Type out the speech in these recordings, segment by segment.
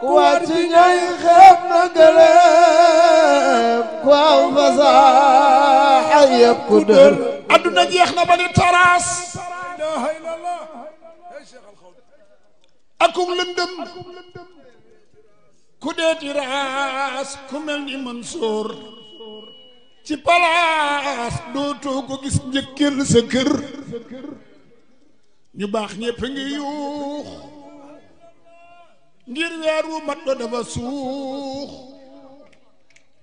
ku wàcc ñay xeeb na gëlëm ku aw fasaaxa ku dër adduna jeex na ba taraas akum lëndëm ku deeti raas ku mel ni Mansoor ci palaas dootoo ko gis njëkkil sa ñu baax ñëpp ngi yuux ngir weer wu mat do dafa suux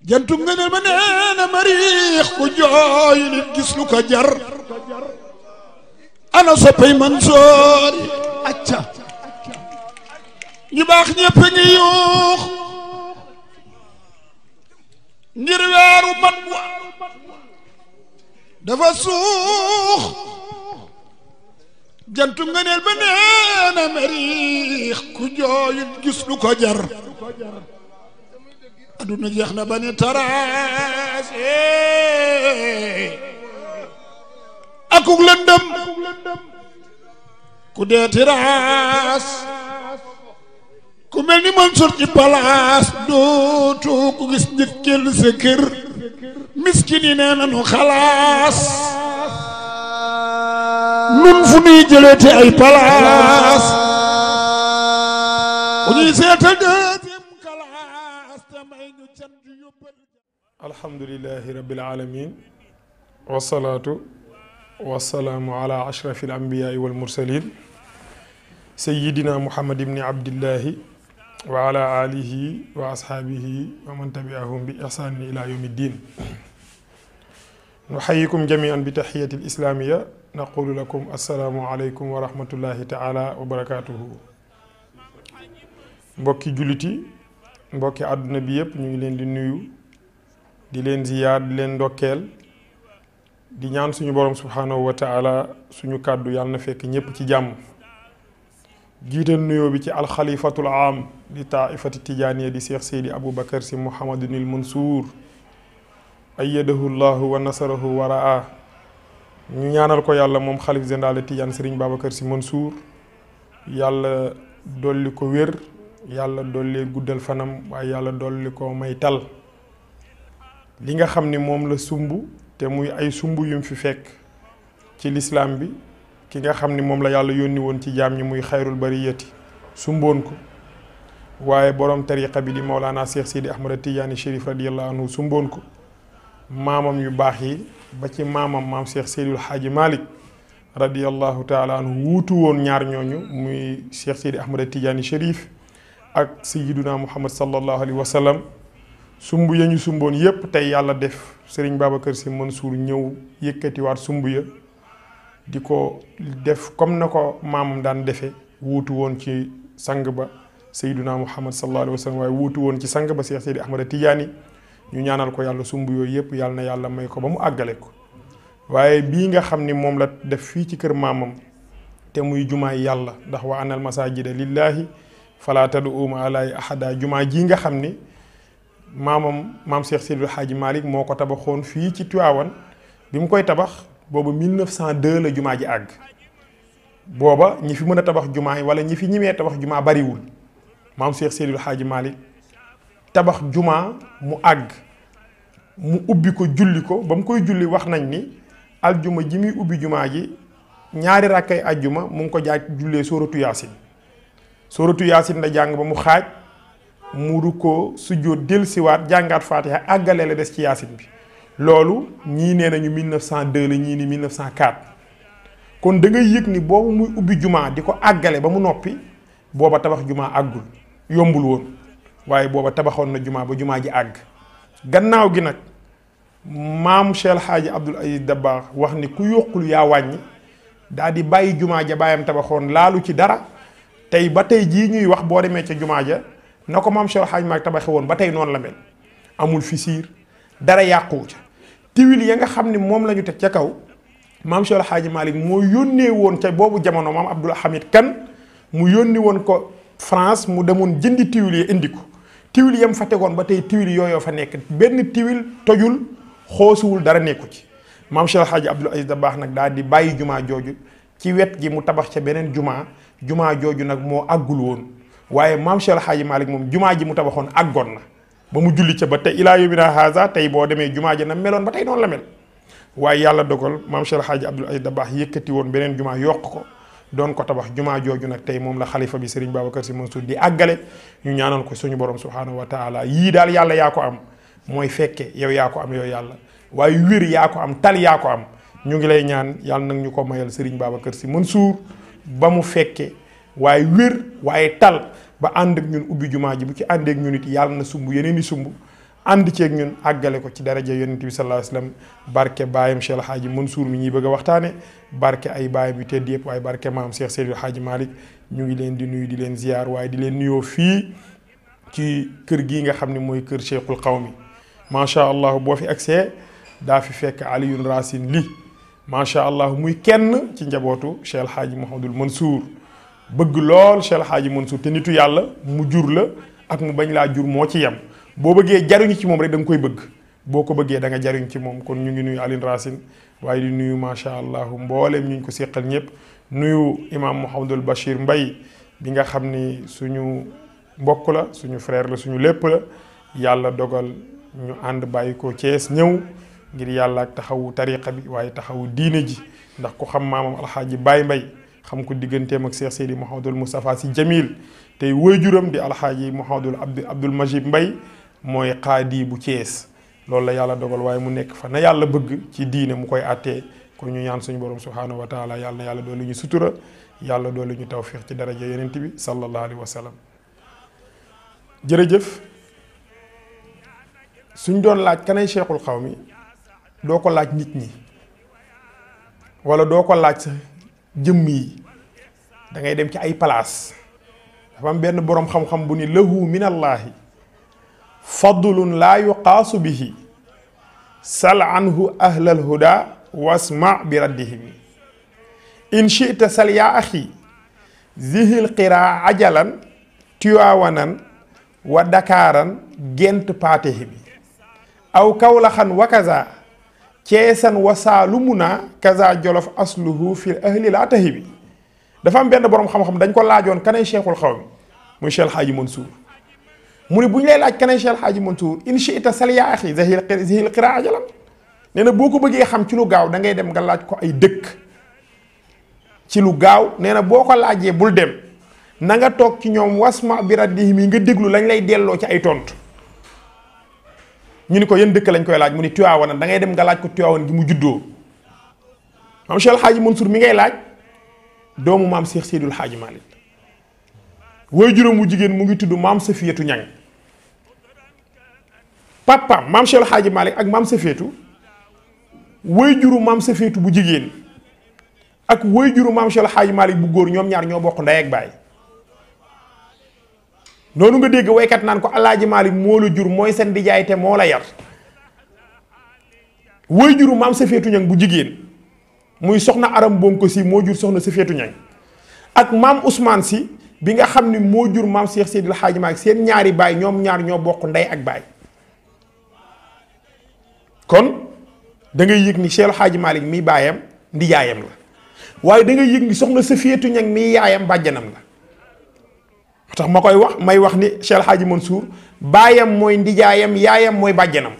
jantu nga ne ba neena mariix ku jooy nit gis lu ko jar ana soppay Mansoor acca ñu baax ñëpp ngi yuux ngir weer wu mat dafa suux jantu ngëneel ba neena meriix ku jooyut gis lu ko jar aduna jeex na ba ni taraas akuk lëndëm ku dee tiraas ku mel ni Mansour ci palaas dootoo ku gis njëkkeel sa kër miskin yi nee xalaas nun fu nuy jëlee te ay palaas bu ñuy seetal deuxième classe te may ñu can ju yóbbal alhamdulilahi rabbil alamin wasalaatu wasalaamu ala ashrafi alambiyaai walmursalin sayidina muhammad ibni abdillahi wa ala alihi wa ashaabihi wa man tabiahum bi ihsaanin ila yawmi ddin nuxayikum jamian bi taxiyati alislaamiya naqulu lakum assalaamu aleykum wa rahmatullahi taala mbokki julliti mbokki àdduna bi yëpp ñu ngi leen di nuyu di leen ziyaar leen ndokkeel di ñaan suñu borom subhaanahu wa suñu kàddu yàlla na fekk ñépp ci jàmm jiital nuyoo bi ci alxalifatul am di taaifati tijaaniya di seex seydi aboubacar si mouhamadunil mansour ayyadahu llahu wa nasarahu wa ñu ñaanal ko yàlla moom xalif général Tijaan Serigne Babacar Sy Mansour yàlla dolli ko wér yàlla dolli guddal fanam waaye yàlla dolli ko may tal li nga xam ni moom la sumb te muy ay sumb yum fi fekk ci lislaam bi ki nga xam ni moom la yàlla yónni woon ci jaam ñi muy xayrul bariyati sumboon ko waaye borom tariqa bi di Mawlana Cheikh Sidi Ahmad Tidiane Chérif radiyallahu anhu sumboon ko maamam yu baax yi ba ci maamam maam Cheikh Seydil Hadji Malick radiyallahu taala anhu wuutu woon ñaar ñooñu muy Cheikh Seydi Ahmada Tidiane Chérif ak sayyiduna Muhammad sallallahu alayhi wa sallam sumb ya ñu sumboon yépp tey yàlla def Serigne Babacar Sy Mansour ñëw yëkkatiwaat sumb ya di ko def comme na ko maamam daan defe wuutu woon ci sang ba sayyiduna Muhammad sallallahu alayhi wa sallam waaye wuutu woon ci sang ba Cheikh Seydi Ahmada Tidiane ñu ñaanal ko yàlla sumb yooyu yëpp yàlla na yàlla may ko ba mu àggale ko waaye bii nga xam ni moom la def fii ci kër maamam te muy jumaay yàlla ndax wa anal masajida lillahi fala tad'u ma allahi ahada jumaa ji nga xam ni maamam maam Cheikh Sidil Hadji Malick moo ko tabaxoon fii ci Tiwaawan bi mu koy tabax booba boobu 1902 la jumaa ji àgg booba ñi fi mën a tabax jumaa yi wala ñi fi ñimee tabax jumaa bariwul maam Cheikh Sidil Hadji Malick tabax jumaa mu àgg mu ubbi ko julli ko ba mu koy julli wax nañ ni aljuma ji muy ubbi jumaa ji ñaari rakkay ajjuma mu ngi ko jaaj jullee sóoratu yaasin sóoratu yaasin la jàng ba mu xaaj mu rukkoo sujjóot siwaat jàngaat faatiha àggalee la des ci yaasin bi loolu ñii nee nañu 1902 la ñii ni 1904 kon da ngay yëg ni boobu muy ubbi jumaa di ko àggale ba mu noppi booba tabax jumaa àggul yombul woon waaye booba tabaxoon na jumaa ba jumaa ji àgg gannaaw gi nag maam Cheikh Hadji Abdoul Aziz Dabakh wax ni ku yokkul yaa wàññi daa di bàyyi jumaa ja baayam tabaxoon laalu ci dara tey ba tey jii ñuy wax boo demee ca jumaa ja na ko maam Cheikh Hadji Maag tabaxe woon ba tey noonu la mel amul fisiir dara yàquwu ca tiwil ya nga xam ne moom lañu ñu teg ca kaw maam Cheikh Hadji Malick moo yónnee woon ca boobu jamono maam Abdoul Hamid kan mu yónni woon ko France mu demoon jëndi tiwil ya indi ko tiwil yam fa tegoon ba tey tiwil yooyoo fa nekk benn tiwil tojul xoosuwul dara nekku ci maam Cheikh Alhaaji Abdoul Aziz Dabakh nag daal di bàyyi jumaa jooju ci wet gi mu tabax ca beneen jumaa jumaa jooju nag moo àggul woon waaye maam Cheikh Alhaaji Malick moom jumaa ji mu tabaxoon ak àggoon na ba mu julli ca ba te tey ilaa yomina haza tey boo demee jumaa ji na meloon ba tey noonu la mel waaye yàlla dogal maam Cheikh Alhaaji Abdoul Aziz Dabakh yëkkati woon beneen jumaa yokk ko doon ko tabax jumaa jooju nag tey moom la xalifa bi Serigne Babacar Sy Mansour di àggale ñu ñaanal ko suñu borom subhaanahu wa taala yii daal yàlla yaa ko am mooy fekke yow yaa ko am yow yàlla waaye wér yaa ko am tal yaa ko am ñu ngi lay ñaan yàlla nag ñu ko mayal Serigne Babacar Sy Mansour ba mu fekke waaye wér waaye tal ba ànd ak ñun ubbi jumaa ji bu ci àndeek ñun it yàlla na sumb yeneen i sumb ànd ceeg ñun àggale ko ci daraja yonent bi sallallahu alayhi wasallam barke baayam Cheikh El Hadji Mansour mi ñuy bëgg a waxtaane barke ay baayam yu tedd yëpp waaye barke maam Cheikh Seydil Hadji Malick ñu ngi leen di nuyu di leen ziar waaye di leen nuyoo fii ci kër gii nga xam ne mooy kër xaw mi macha allah boo fi agsee daa fi fekk Alioune Racine Ly macha allah muy kenn ci njabootu Cheikh El Hadji Mouhamadoul Mansour bëgg lool Cheikh El Hadji Mansour te nitu yàlla mu jur la ak mu bañ laa jur moo ci yem. boo bëggee jariñu ci moom rek da koy bëgg boo ko bëggee danga nga jariñ ci moom kon ñu ngi nuyu Aline Racine waaye di nuyu macha allah mbooleem ñu ngi ko seqal ñëpp nuyu imam Mouhamadul Bachir Mbay bi nga xam ni suñu mbokk la suñu frère la suñu lépp la yàlla dogal ñu ànd bàyyi ko Cees ñëw ngir yàlla ak taxawu tariqa bi waaye taxawu diine ji ndax ku xam maamam alxaaji Baye Mbay xam ko digganteem ak Cheikh Seydi Mouhamadul Moustapha Sy Jamil tey wëyjuram di alxaaji Mouhamadul Abdul Majib Mbay mooy xaadi bu Cees loolu la yàlla dogal waaye mu nekk fa na yàlla bëgg ci diine mu koy àttee kon ñu ñaan suñu borom subhaanahu wa taala yàlla na yàlla doolu ñu sutura yàlla lu ñu tawfiix ci daraja yonent bi sallallahu alayhi wa sallam jërëjëf suñ doon laaj kanay cheikhul xaw mi doo ko laaj nit ñi wala doo ko laaj sa jëmm yi dangay dem ci ay palaas dafa am benn boroom xam-xam bu ni lahu minallaahi fadlun laa yuqaasu bihi sal anhu ahlal huda wasma bi raddihim in chita sal yaa axi zihil qiraa ajalan tiwaawanan wa dakaaran gent paatehimi aw kawlaxan wa kaza ceesan wa saalumuna kaza jolof asluhu fil ahli laa tahibi dafa am benn boroom xam-xam dañ ko laajoon kanay cheikhul xaw mi muy Cheikh Xaaji Mansour mu ne bu ñu lay laaj kanay Cheikh Alhaaji Mansour in shi'ta sal yaa axi zahil zahil nee na boo ko bëggee xam ci lu gaaw da ngay dem nga laaj ko ay dëkk ci lu gaaw nee na boo ko laajee bul dem na nga toog ci ñoom was wasma bi raddihim yi nga déglu lañ lay delloo ci ay tontu ñu ni ko yan dëkk lañ koy laaj mu ni Tiwaawan da ngay dem nga laaj ko Tiwaawan gi mu juddoo maam Cheikh Alhaaji Mansour mi ngay laaj doomu maam Cheikh Seydul Haaji Malick way juróom jigéen mu ngi tudd maam Safiyatu Ñang papaam maam Cheikh El ak maam Safiyatu way juru maam Safiyatu bu jigéen ak way juru maam Cheikh El Hadji bu góor ñoom ñaar bokk ndey ak nga dégg waykat naan ko Alaaji Malick moo la mooy seen dijaay te moo la juru maam Safiyatu Ñang bu jigéen muy soxna aram bonko si moo jur soxna Safiyatu Ñang ak maam Ousmane si bi nga xam ni moo jur maam Cheikh Seydil Hadji Malick seen ñaari baay ñoom ñaar ñoo bokk ndey ak baay kon dangay ngay yëg ni Cheikh El Hadji Malick mi baayam ndijaayam la waaye da ngay yëg ni soxna Safiyatu Ñaŋ mi yaayam bàjjanam la tax ma koy wax may wax ni Cheikh El man Mansour baayam mooy ndijaayam yaayam mooy bàjjanam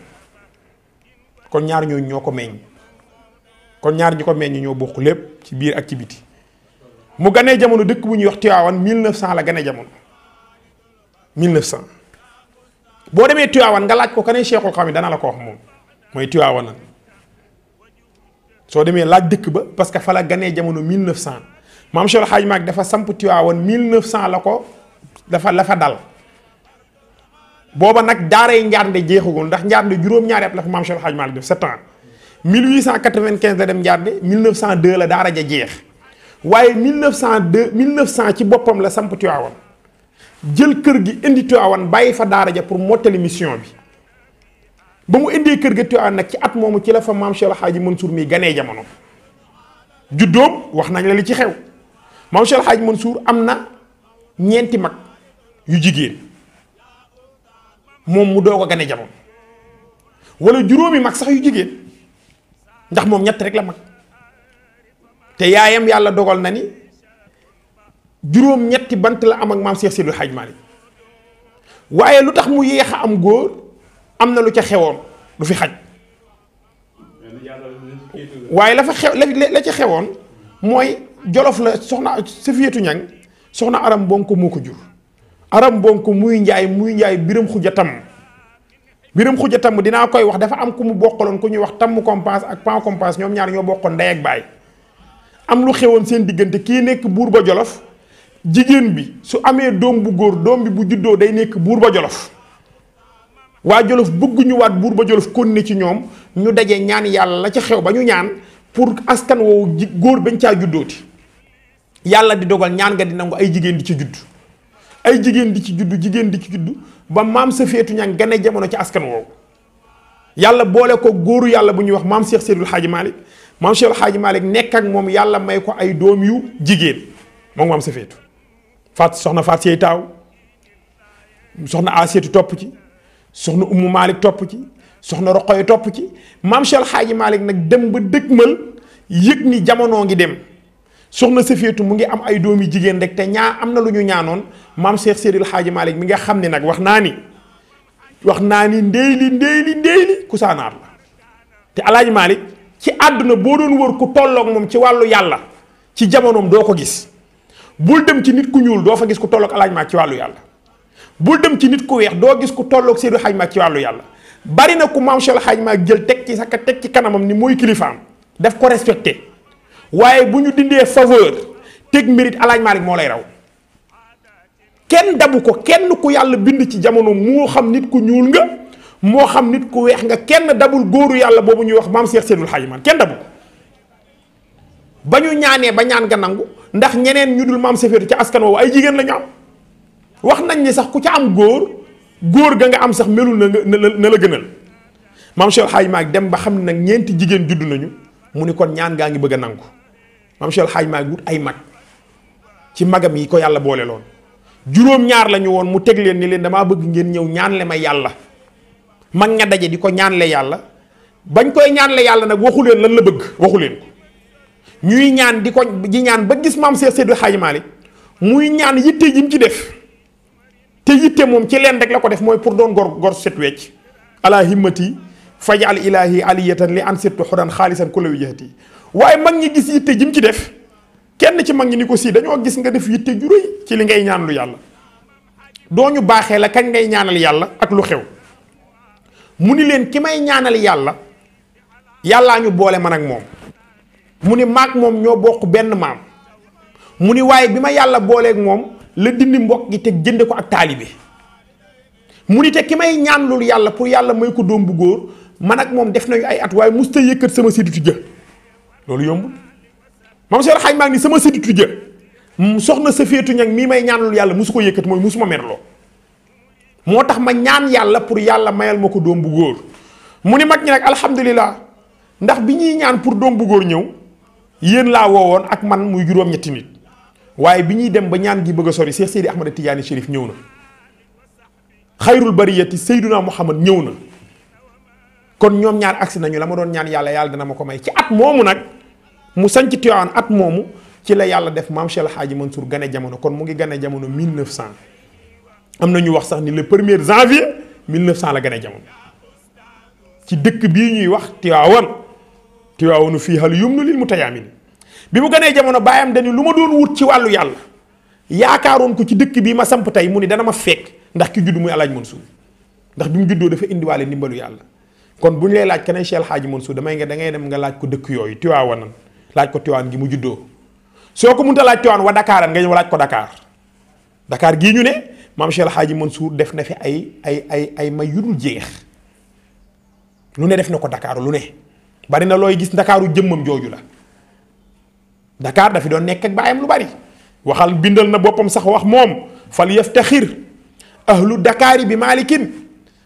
kon ñaar ñooñu ñoo ko meññ kon ñaar ñi ko meññ ñoo bokk lépp ci biir ak ci biti mu ganee jamono dëkk bu ñuy wax Tiwaawan 1900 la ganee jamono 1900 boo demee Tiwaawan nga laaj ko kanay Cheikhul Xaw mi dana la ko wax moom mooy Tiwaawan la soo demee laaj dëkk ba parce que fa la ganee jamono 1900 maam Cheikh Xaaj Maag dafa samp Tiwaawan 1900 la ko dafa la fa dal booba nag daaray Njaarnde jeexagul ndax Njaarnde juróom-ñaari at la fa maam Cheikh Xaaj Maag def 7 ans 1895 la dem Njaarnde 1902 la daara ja jeex. waaye 1902 1900 ci boppam la samp Tiwaawan jël kër gi indi Tiwaawan bàyyi fa daara ja pour mottali mission bi ba mu indee kër gi Tiwaawan nag ci at moomu ci la fa maam Cheikh El Hadji Mansour ganee jamono juddoom wax nañ la li ci xew maam Cheikh El Hadji am na ñeenti mag yu jigéen moom mu doo ko ganee jamono wala juróomi mag sax yu jigéen ndax moom ñett rek la mag. te yaayam yàlla dogal na ni juróom ñetti bant la am ak maam Cheikh Sidou Hadj Malick waaye lu tax mu yeexa a am góor am na lu ca xewoon lu fi xaj waaye la fa xew la ca xewoon mooy jolof la soxna Safiyatu Ñang soxna aram bonko moo ko jur aram bonko muy njaay muy njaay biram xuja tamm biram xuja tamm dinaa koy wax dafa am ku mu bokkaloon ku ñuy wax tamm compas ak pan compas ñoom ñaar ñoo bokkoon ndey ak baay am lu xewoon seen diggante kii nekk buur ba jolof jigéen bi su amee doom bu góor doom bi bu juddoo day nekk buur ba jolof waa jolof bëgguñu waat buur ba jolof kon ne ci ñoom ñu daje ñaan yàlla la ca xew ba ñu ñaan pour askan woowu ji góor bañ caa juddooti yàlla di dogal ñaan nga di nangu ay jigéen di ci judd ay jigéen di ci judd jigéen di ci judd ba maam sa feetu ñaan gane jamono ci askan woowu yàlla boole ko góoru yàlla bu ñuy wax maam Cheikh Seydil Hadji Malick maam Cheikh El Hadj Malick nekk ak moom yàlla may ko ay doom yu jigéen moom maam Safiyatu faat soxna faat sey taaw soxna Asiyatu topp ci soxna Umu Malick topp ci soxna Roqoy topp ci maam Cheikh El Hadj nag dem ba dëkkmal yëg ni jamono ngi dem soxna Safiyatu mu ngi am ay doom yu jigéen rek te ñaa am na lu ñu ñaanoon maam Cheikh Seydil El Hadj Malick mi nga xam ni nag wax naa ni wax naa ni ndéy li ndéy li ndéy li kusaanaar la te El Hadj ci àdduna boo doon wër ku tolloog moom ci wàllu yàlla ci jamonoom doo ko gis bul dem ci nit ku ñuul doo fa gis ku tolloog alaaj maag ci wàllu yàlla bul dem ci nit ku doo gis ku tolloog seedu xaj yàlla bari na ku maam Cheikh xaj maag jël teg ci saka teg ci kanamam ni mooy kilifaam daf ko respecté waaye bu ñu dindee faveur teg mérite alaaj moo lay raw kenn dabu ko kenn ku yàlla bind ci jamono moo xam nit ku ñuul nga moo xam nit ku weex nga kenn dabul góoru yàlla boobu ñuy wax maam Cheikh Seydul Xaaji man kenn dabul ba ñu ñaanee ba ñaan nga nangu ndax ñeneen ñu dul maam Safeetu ci askan woowu ay jigéen lañu am wax nañ ni sax ku ca am góor góor ga nga am sax melul na la gënal maam Cheikh Xaaji Maag dem ba xam nag ñeenti jigéen judd nañu mu ni kon ñaan gaa ngi bëgg a nangu maam Cheikh Xaaji Maag wut ay mag ci magam yi ko yàlla boole loon juróom ñaar la ñu woon mu teg leen ni leen damaa bëgg ngeen ñëw ñaan le ma yàlla mag ña daje di ko ñaanle yàlla bañ koy ñaanle yàlla nag waxu leen lan la bëgg waxu leen ko ñuy ñaan di ko di ñaan ba gis maam Seex Seydi Xaaji Maalik muy ñaan yitte ji ci def te yitte moom ci leen rek la ko def mooy pour doon gor gor set wecc ala himmati fajal ilahi aliyatan li an sirtu xudan xaalisan ku la wijati waaye mag ñi gis yitte ji mu ci def kenn ci mag ñi ni ko sii dañoo gis nga def yitte ju ci li ngay ñaan lu yàlla doo ñu baaxee la kañ ngay ñaanal yàlla ak lu xew mu ni leen ki may ñaanal yàlla yàllaa ñu boole man ak moom mu ni maag moom ñoo bokk benn maam mu ni waaye bi ma yàlla booleek moom la dindi mbokk gi te jënde ko ak taalibe mu ni te ki may ñaan loolu yàlla pour yàlla may ko doom bu góor man ak moom def nañu ay at waaye musta yëkkat sama sédditu jë loolu yombul mam seer xaaj maa ngi ni sama sédditu jë soxna sa féetu ñag mii may ñaan loolu yàlla musu ko yëkkat mooy musuma merloo moo tax ma ñaan yàlla pour yàlla mayal ma ko doom bu góor mu ni mag ñi nag alhamdulilah ndax bi ñuy ñaan pour doom bu góor ñëw yéen laa woowoon ak man muy juróom-ñetti nit waaye bi ñuy dem ba ñaan gi bëgg a sori Cheikh Seydi Ahmad Tidiane Chérif ñëw na xayrul bariyati Seyduna Muhammad ñëw na kon ñoom ñaar agsi nañu la ma doon ñaan yàlla yàlla dina ma ko may ci at moomu nag mu sanc Tiwaawan at moomu ci la yàlla def maam Cheikh El Hadji Mansour gane jamono kon mu ngi gane jamono 1900. am na ñu wax sax ni le premier janvier 1900 la gane jamono ci dëkk bii ñuy wax Tiwaawan Tiwaawanu fii hal yumnu lil mutayaamin bi mu ganee jamono baayam dañu lu ma doon wut ci wàllu yàlla yaakaaroon ko ci dëkk bii ma samp tey mu ni dana ma fekk ndax ki judd muy alaaj Mansuur ndax bi mu juddoo dafa indiwaale ndimbalu yàlla kon bu ñu lay laaj keneen Cheikh Alhaaji Mansuur damay nga da ngay dem nga laaj ko dëkk yooyu Tiwaawanan laaj ko Tiwaan gi mu juddoo soo ko munta laaj Tiwaan wa Dakaaran nga ñëw ko Dakar Dakar gii ñu ne maam Cheikh El Hadji Mansour def na fi ay ay ay ay may yu dul jeex lu ne def na ko Dakar lu ne bari na looy gis ndakaaru jëmmam jooju la dakaar dafi doon nekk ak baayam lu bari waxal bindal na boppam sax wax moom fal yaftaxir ahlu dakaari bi maalikin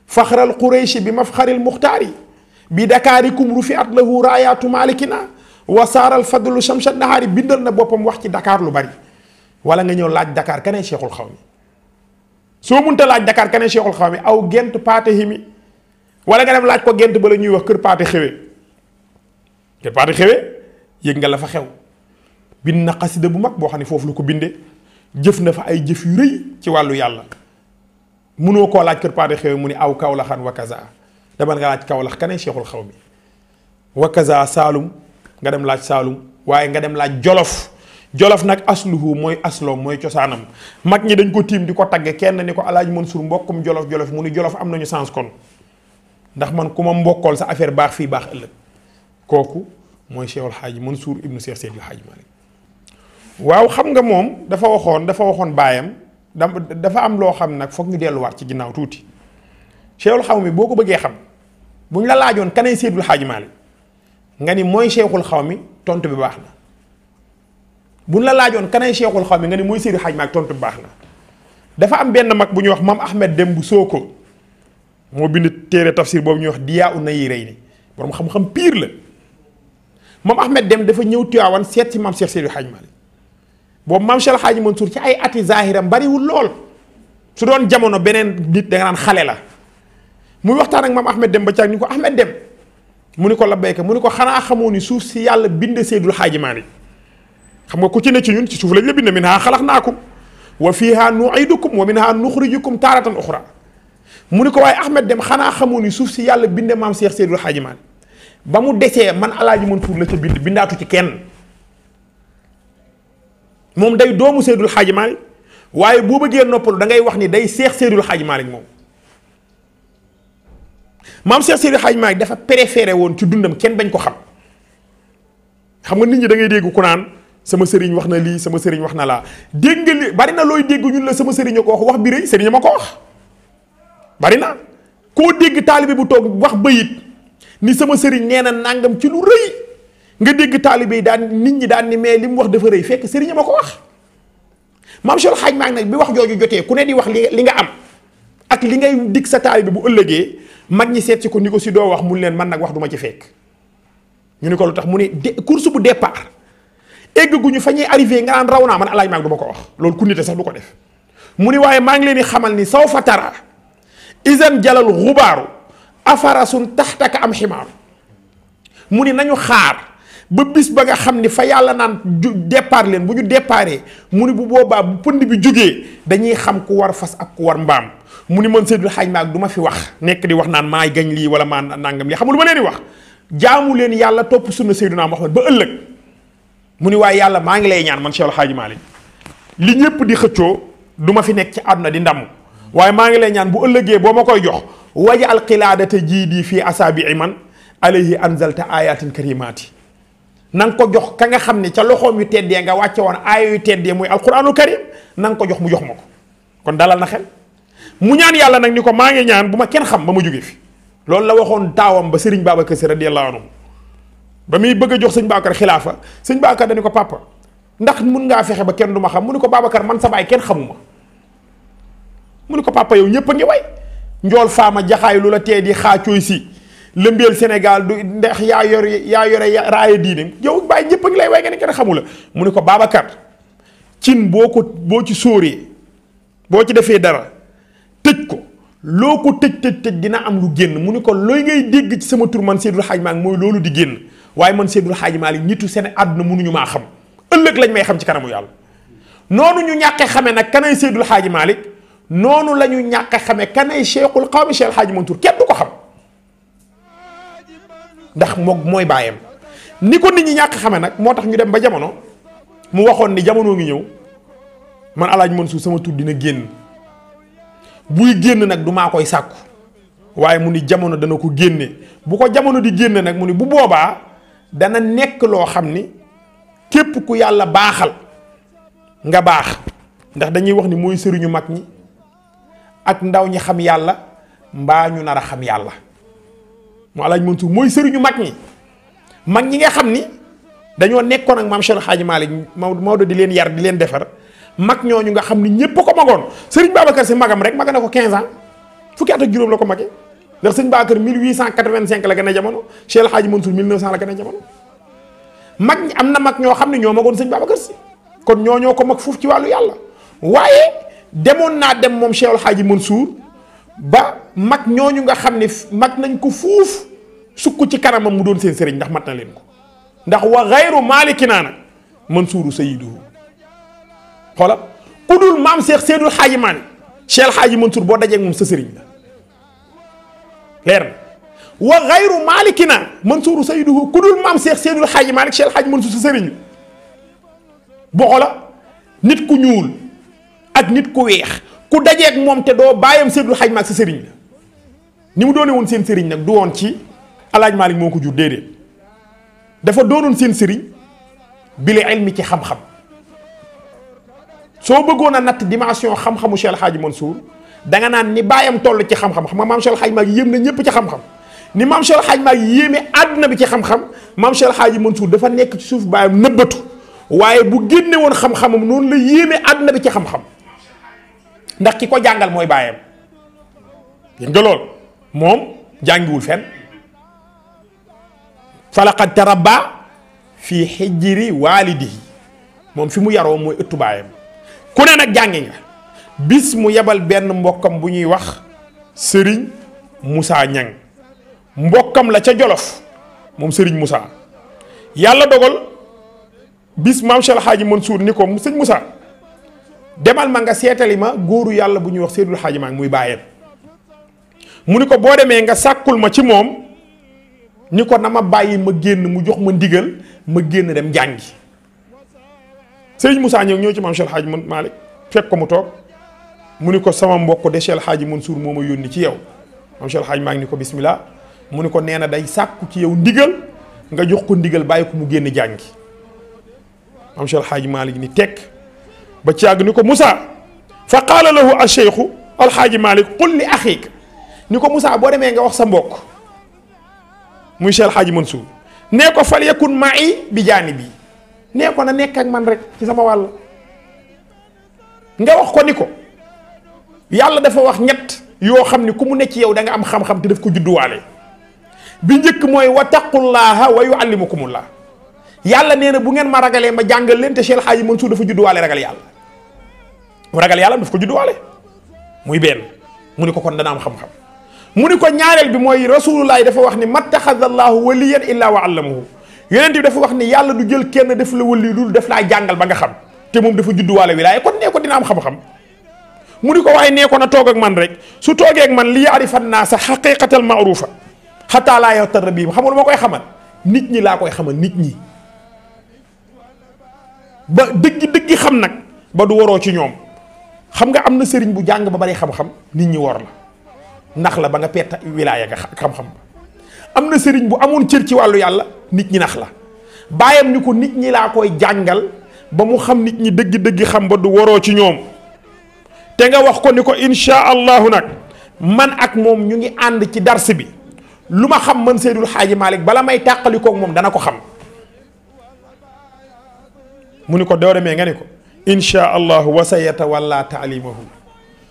faxral qurayshi bi mafxaril muxtaari bi dakaarikum rufi at lahu raayaatu maalikina wasaaral fadlu shamsha nahaari bindal na boppam wax ci dakaar lu bari wala nga ñëw laaj Dakar keneen cheikhul xaw mi soo munta laaj Dakar kane xaw Xawmi aw gent paate himi wala nga dem laaj ko gent ba la ñuy wax kër paate xewe kër paate xewe yëg nga la fa xew bind na xasida bu mag boo xam ne foofu la ko bindee jëf na fa ay jëf rëy ci wàllu yàlla munoo koo laaj kër paate xewe mu ni aw kawlaxan wakaza demal nga laaj kawlax kane xaw mi wakaza saalum nga dem laaj saalum waaye nga dem laaj jolof jolof nag asluhu mooy asloom mooy cosaanam mag ñi dañ ko tiim di ko tagge kenn ni ko alaaj Mansour mbokkum jolof jolof mu ni jolof am nañu sens kon ndax man ku ma mbokkool sa affaire baax fii baax ëllëg kooku mooy Cheikhul Xaaji Mansour ibnu Cheikh Seydil Xaaji waaw xam nga moom dafa waxoon dafa waxoon baayam dafa am loo xam nag foog ñu delluwaat ci ginnaaw tuuti Cheikhul xaw mi boo ko bëggee xam bu ñu la laajoon kanay Seydil Xaaji Malick nga ni mooy Cheikhul xaw mi tontu bi baax bu buñ la laajoon kanay cheikhul xaw mi nga ne mooy Seydi Hadj Malick ton baax na dafa am benn mag bu ñuy wax mam Ahmed Dem bu soo ko moo bind téere tafsir boobu ñuy wax diyaa na nayi rey ni borom xam-xam piir la mam Ahmed Dem dafa ñëw Tiwaawan seet ci mam Cheikh Seydi Hadj Malick boobu mam Cheikh Hadj suur ci ay ati zahiram bariwul lool su doon jamono beneen nit da nga xale la muy waxtaan ak mam Ahmed Dem ba caag ñu ko Ahmed Dem mu ni ko la béykat mu ni ko xanaa xamoo ni suuf si yàlla bind Seydul Hadj Malick xam nga ku ci ne ci ñun ci suuf lañ la bind minhaa xalaqnaakum wa fiihaa nu'iidukum wa minhaa nuxrijukum taaratan uxraa mu ni ko waaye Ahmed dem xanaa xamoo ni suuf si yàlla binde maam Cheikh Seydou Hadji Malick ba mu desee man Alaaji Mansuur la ca bind bindaatu ci kenn moom day doomu Seydou Hadji Malick waaye boo bëggee noppalu da ngay wax ni day Cheikh Seydou Hadji Malick moom maam Cheikh Seydou Hadji Malick dafa préféré woon ci dundam kenn bañ ko xam xam nga nit ñi da ngay dégg ku naan. sama sëriñ wax na lii sama sëriñ wax na laa dégg nga li bari na looy dégg ñun la sama sëriñ a ko wax wax bi rëy sëriñ ma ko wax bari na koo dégg taalibe bu toog wax bayit ni sama sëriñ nee na nàngam ci lu rëy nga dégg taalibe yi daan nit ñi daan ni mais li mu wax dafa rëy fekk sëriñ ma ko wax maam Cheikh xaaj maa ngi nag bi wax jooju jotee ku ne di wax li li nga am ak li ngay dig sa taalibe bu ëllëgee mag ñi seet si ko ni ko si doo wax mun leen man nag wax duma ci fekk ñu ni ko lu tax mu ni ne course bu départ eggaguñu fa ñuy arrivé nga naan raw naa man alaaj maag du ma ko wax loolu ku sax du ko def mu ni waaye maa ngi leen di xamal ni saw fa tara isan jalal xubaaru tax takk am ximaaru mu ni nañu xaar ba bis ba nga xam ni fa yàlla naan ju départ leen bu ñu déparé mu ni bu boobaa bu pënd bi jógee dañuy xam ku war fas ak ku war mbaam mu ni man Seydil Hadj Malick du ma fi wax nekk di wax naan maay gañ lii wala maa nàngam lii xam lu ma leen wax jaamu leen yàlla topp sunna Seydina Muhammad ba ëllëg mu ni waaye yàlla maa ngi lay ñaan man Cheikh El Hadj Malick li ñëpp di xëccoo du ma fi nekk ci àdduna di ndamu waaye maa ngi lay ñaan bu ëllëgee boo ma koy jox waje alqilaadata jii dii fii ay man alayhi anzalta ayatin karimaati na nga ko jox ka nga xam ne ca loxoom yu teddee nga wàcce woon aaya yu teddee muy alquranul karim na nga ko jox mu jox ma ko kon dalal na xel mu ñaan yàlla nag ni ko maa ngi ñaan bu ma kenn xam ba ma jógee fi loolu la waxoon taawam ba Serigne Babacar Sy radiyallahu anhu ba muy bëgg a jox sëñ Babacar xilaafa sëñ Babacar dañu ko papa ndax mun ngaa fexe ba kenn du ma xam mu ne ko Babacar man sa baay kenn xamuma mu ne ko papa ñëpp a ngi way njool faama jaxaay lu la tee di xaacooy si lëmbeel Sénégal du ndax yaa yor yaa yore raaya diine yow bàyyi ñëpp a lay way nga xamu la mu ne ko Babacar cin boo ko boo ci sóoree boo ci defee dara tëj ko loo ko tëj tëj tëj dina am lu génn mu ni ko looy ngay dégg ci sama tur man Seydul Xaaj maak mooy loolu di génn waaye man Seydul Xaaj Maalik nitu seen àdduna mënuñu maa xam ëllëg lañ may xam ci kanamu yàlla noonu ñu ñàkke xamee nag kanay Seydul Xaaj Maalik noonu la ñu ñàkke xamee kanay Cheikhul Xawmi Cheikh Xaaj Mantuur kenn du ko xam ndax moog mooy bàyyam ni ko nit ñi ñàkk xamee nag moo tax ñu dem ba jamono mu waxoon ni jamonoo ngi ñëw man alaaj Mansuur sama tur dina génn buy génn nag du maa koy sàkku waaye mu ni jamono dana ko génne bu ko jamono di génne nag mu ni bu boobaa dana nekk loo xam ni képp ku yàlla baaxal nga baax ndax dañuy wax ni mooy sëriñu mag ñi ak ndaw ñi xam yàlla mbaa ñu nar a xam yàlla mu alaaj Mansuur mooy sëriñu mag ñi mag ñi nga xam ni dañoo nekkoon ak maam Cheikh El Hadji Malick Maodo di leen yar di leen defar mag ñooñu nga xam ni ñëpp ko magoon Serigne Babacar si magam rek mag na ko 15 ans fukki at juróom la ko magee ndax Serigne Babacar 1885 la gën a jamono Cheikh El Hadji Mansour 1900 la gën mag ñi am na mag ñoo xam ne ñoo magoon Serigne Babacar si kon ñoo ñoo ko mag foofu ci wàllu yàlla waaye demoon naa dem moom Cheikh El Hadji Mansour ba mag ñooñu nga xam ni mag nañ ko fuuf sukk ci kanamam mu doon seen sëriñ ndax mat na leen ko ndax wa xayru maalikina nag Mansuuru sayyiduhu xoola ku dul maam Cheikh Seydul Xaaji Maalik Cheikh Xaaji Mansour boo dajee moom sa sëriñ la leer na wa xayru maalikina Mansuuru sayduhu ku dul maam Cheikh Seydul Xaaji Maalik Cheikh Xaaji Mansour sa sëriñ la boo xoola nit ku ñuul ak nit ku weex ku dajeek moom te doo bàyyam Seydul Xaaji Maalik sa sëriñ la ni mu doone woon seen sëriñ nag du woon ci alaaj Maalik moo ko jur déedéet dafa doonoon seen sëriñ bile ilmi ci xam-xam soo bëggoon a natt dimension xam-xamu Cheikh El Hadj danga naan ni bàyyam toll ci xam-xam xam nga maam Cheikh El Hadj yéem na ñëpp ci xam-xam ni maam Cheikh El Hadj Maag yéeme àdduna bi ci xam-xam maam Cheikh El Hadj dafa nekk ci suuf bàyyam nëbbatu waaye bu génne woon xam-xamam noonu la yéeme àdduna bi ci xam-xam ndax ki ko jàngal mooy bàyyam dégg nga lool moom jàngiwul fenn falaqad tarabba fii xijri waalidihi moom fi mu yaroo mooy ëttu baayam ku ne nag jàngi nga bis mu yebal benn mbokkam bu ñuy wax sëriñ Moussa Ñang mbokkam la ca Jolof moom sëriñ Moussa yàlla dogal bis maam Cheikh man Mansour ni ko sëñ Moussa demal ma nga seetali ma góoru yàlla bu ñuy wax Seydul Xaaji maa ngi muy bàyyeem mu ni ko boo demee nga sàkkul ma ci moom ni ko na ma bàyyi ma génn mu jox ma ndigal ma génn dem jàngi sëriñ Moussa ñëw ñëw ci maam Cheikh Hadj Malick fekk ko mu toog mu ni ko sama mbokk de Cheikh Hadj Mansour moo ma yónni ci yow maam Cheikh Hadj maa ngi ni ko bismillah mu ni ko nee na day sàkku ci yow ndigal nga jox ko ndigal bàyyi ko mu génn jàngi maam Cheikh Hadj Malick ni tekk ba ci yàgg ni ko Moussa fa qaala lahu acheikhu alxaaji Malick qul ni axiik ni ko musa boo demee nga wax sa mbokk muy Cheikh Hadj Mansour ne ko fal yakun ma'i bi jaani bi nee ko na nekk ak man rek ci sama wàll nga wax ko ni ko yàlla dafa wax ñett yoo xam ni ku mu ne ci yow da nga am xam-xam te daf ko judduwaale bi njëkk mooy wa taqullaha wa yuallimukumullah yàlla nee bu ngeen ma ragalee ma jàngal leen te Cheikh Hadji Mansour dafa judduwaale ragal yàlla ragal yàlla daf ko judduwaale muy benn mu ni ko kon dana am xam-xam mu ni ko ñaareel bi mooy rasulullah dafa wax ni mattaxadallahu waliyan illa wa allamahu yonent bi dafa wax ni yàlla du jël kenn def la wëlli dul def laa jàngal ba nga xam te moom dafa judduwaale wilaaya kon nee ko dina am xam-xam mu ni ko waaye nee ko na toog ak man rek su toogee ak man li fan naa sa xaqiqatal maarufa xataa laa yow tara bii xamul ma koy xamal nit ñi laa koy xamal nit ñi ba dëgg dëgg xam nag ba du waroo ci ñoom xam nga am na sëriñ bu jàng ba bari xam-xam nit ñi war la ndax la ba nga pett wilaaya nga xam-xam am na sëriñ bu amoon cër ci wàllu yàlla nit ñi nax la bàyyam ni ko nit ñi laa koy jàngal ba mu xam nit ñi dëgg-dëgg xam ba du waroo ci ñoom te nga wax ko ni ko insha allahu nag man ak moom ñu ngi ànd ci dars bi lu ma xam man Seydul Xaaji Malick bala may tàqalikook moom dana ko xam mu ni ko doo demee nga ni ko insha allahu wa sa yatawalla taalimahu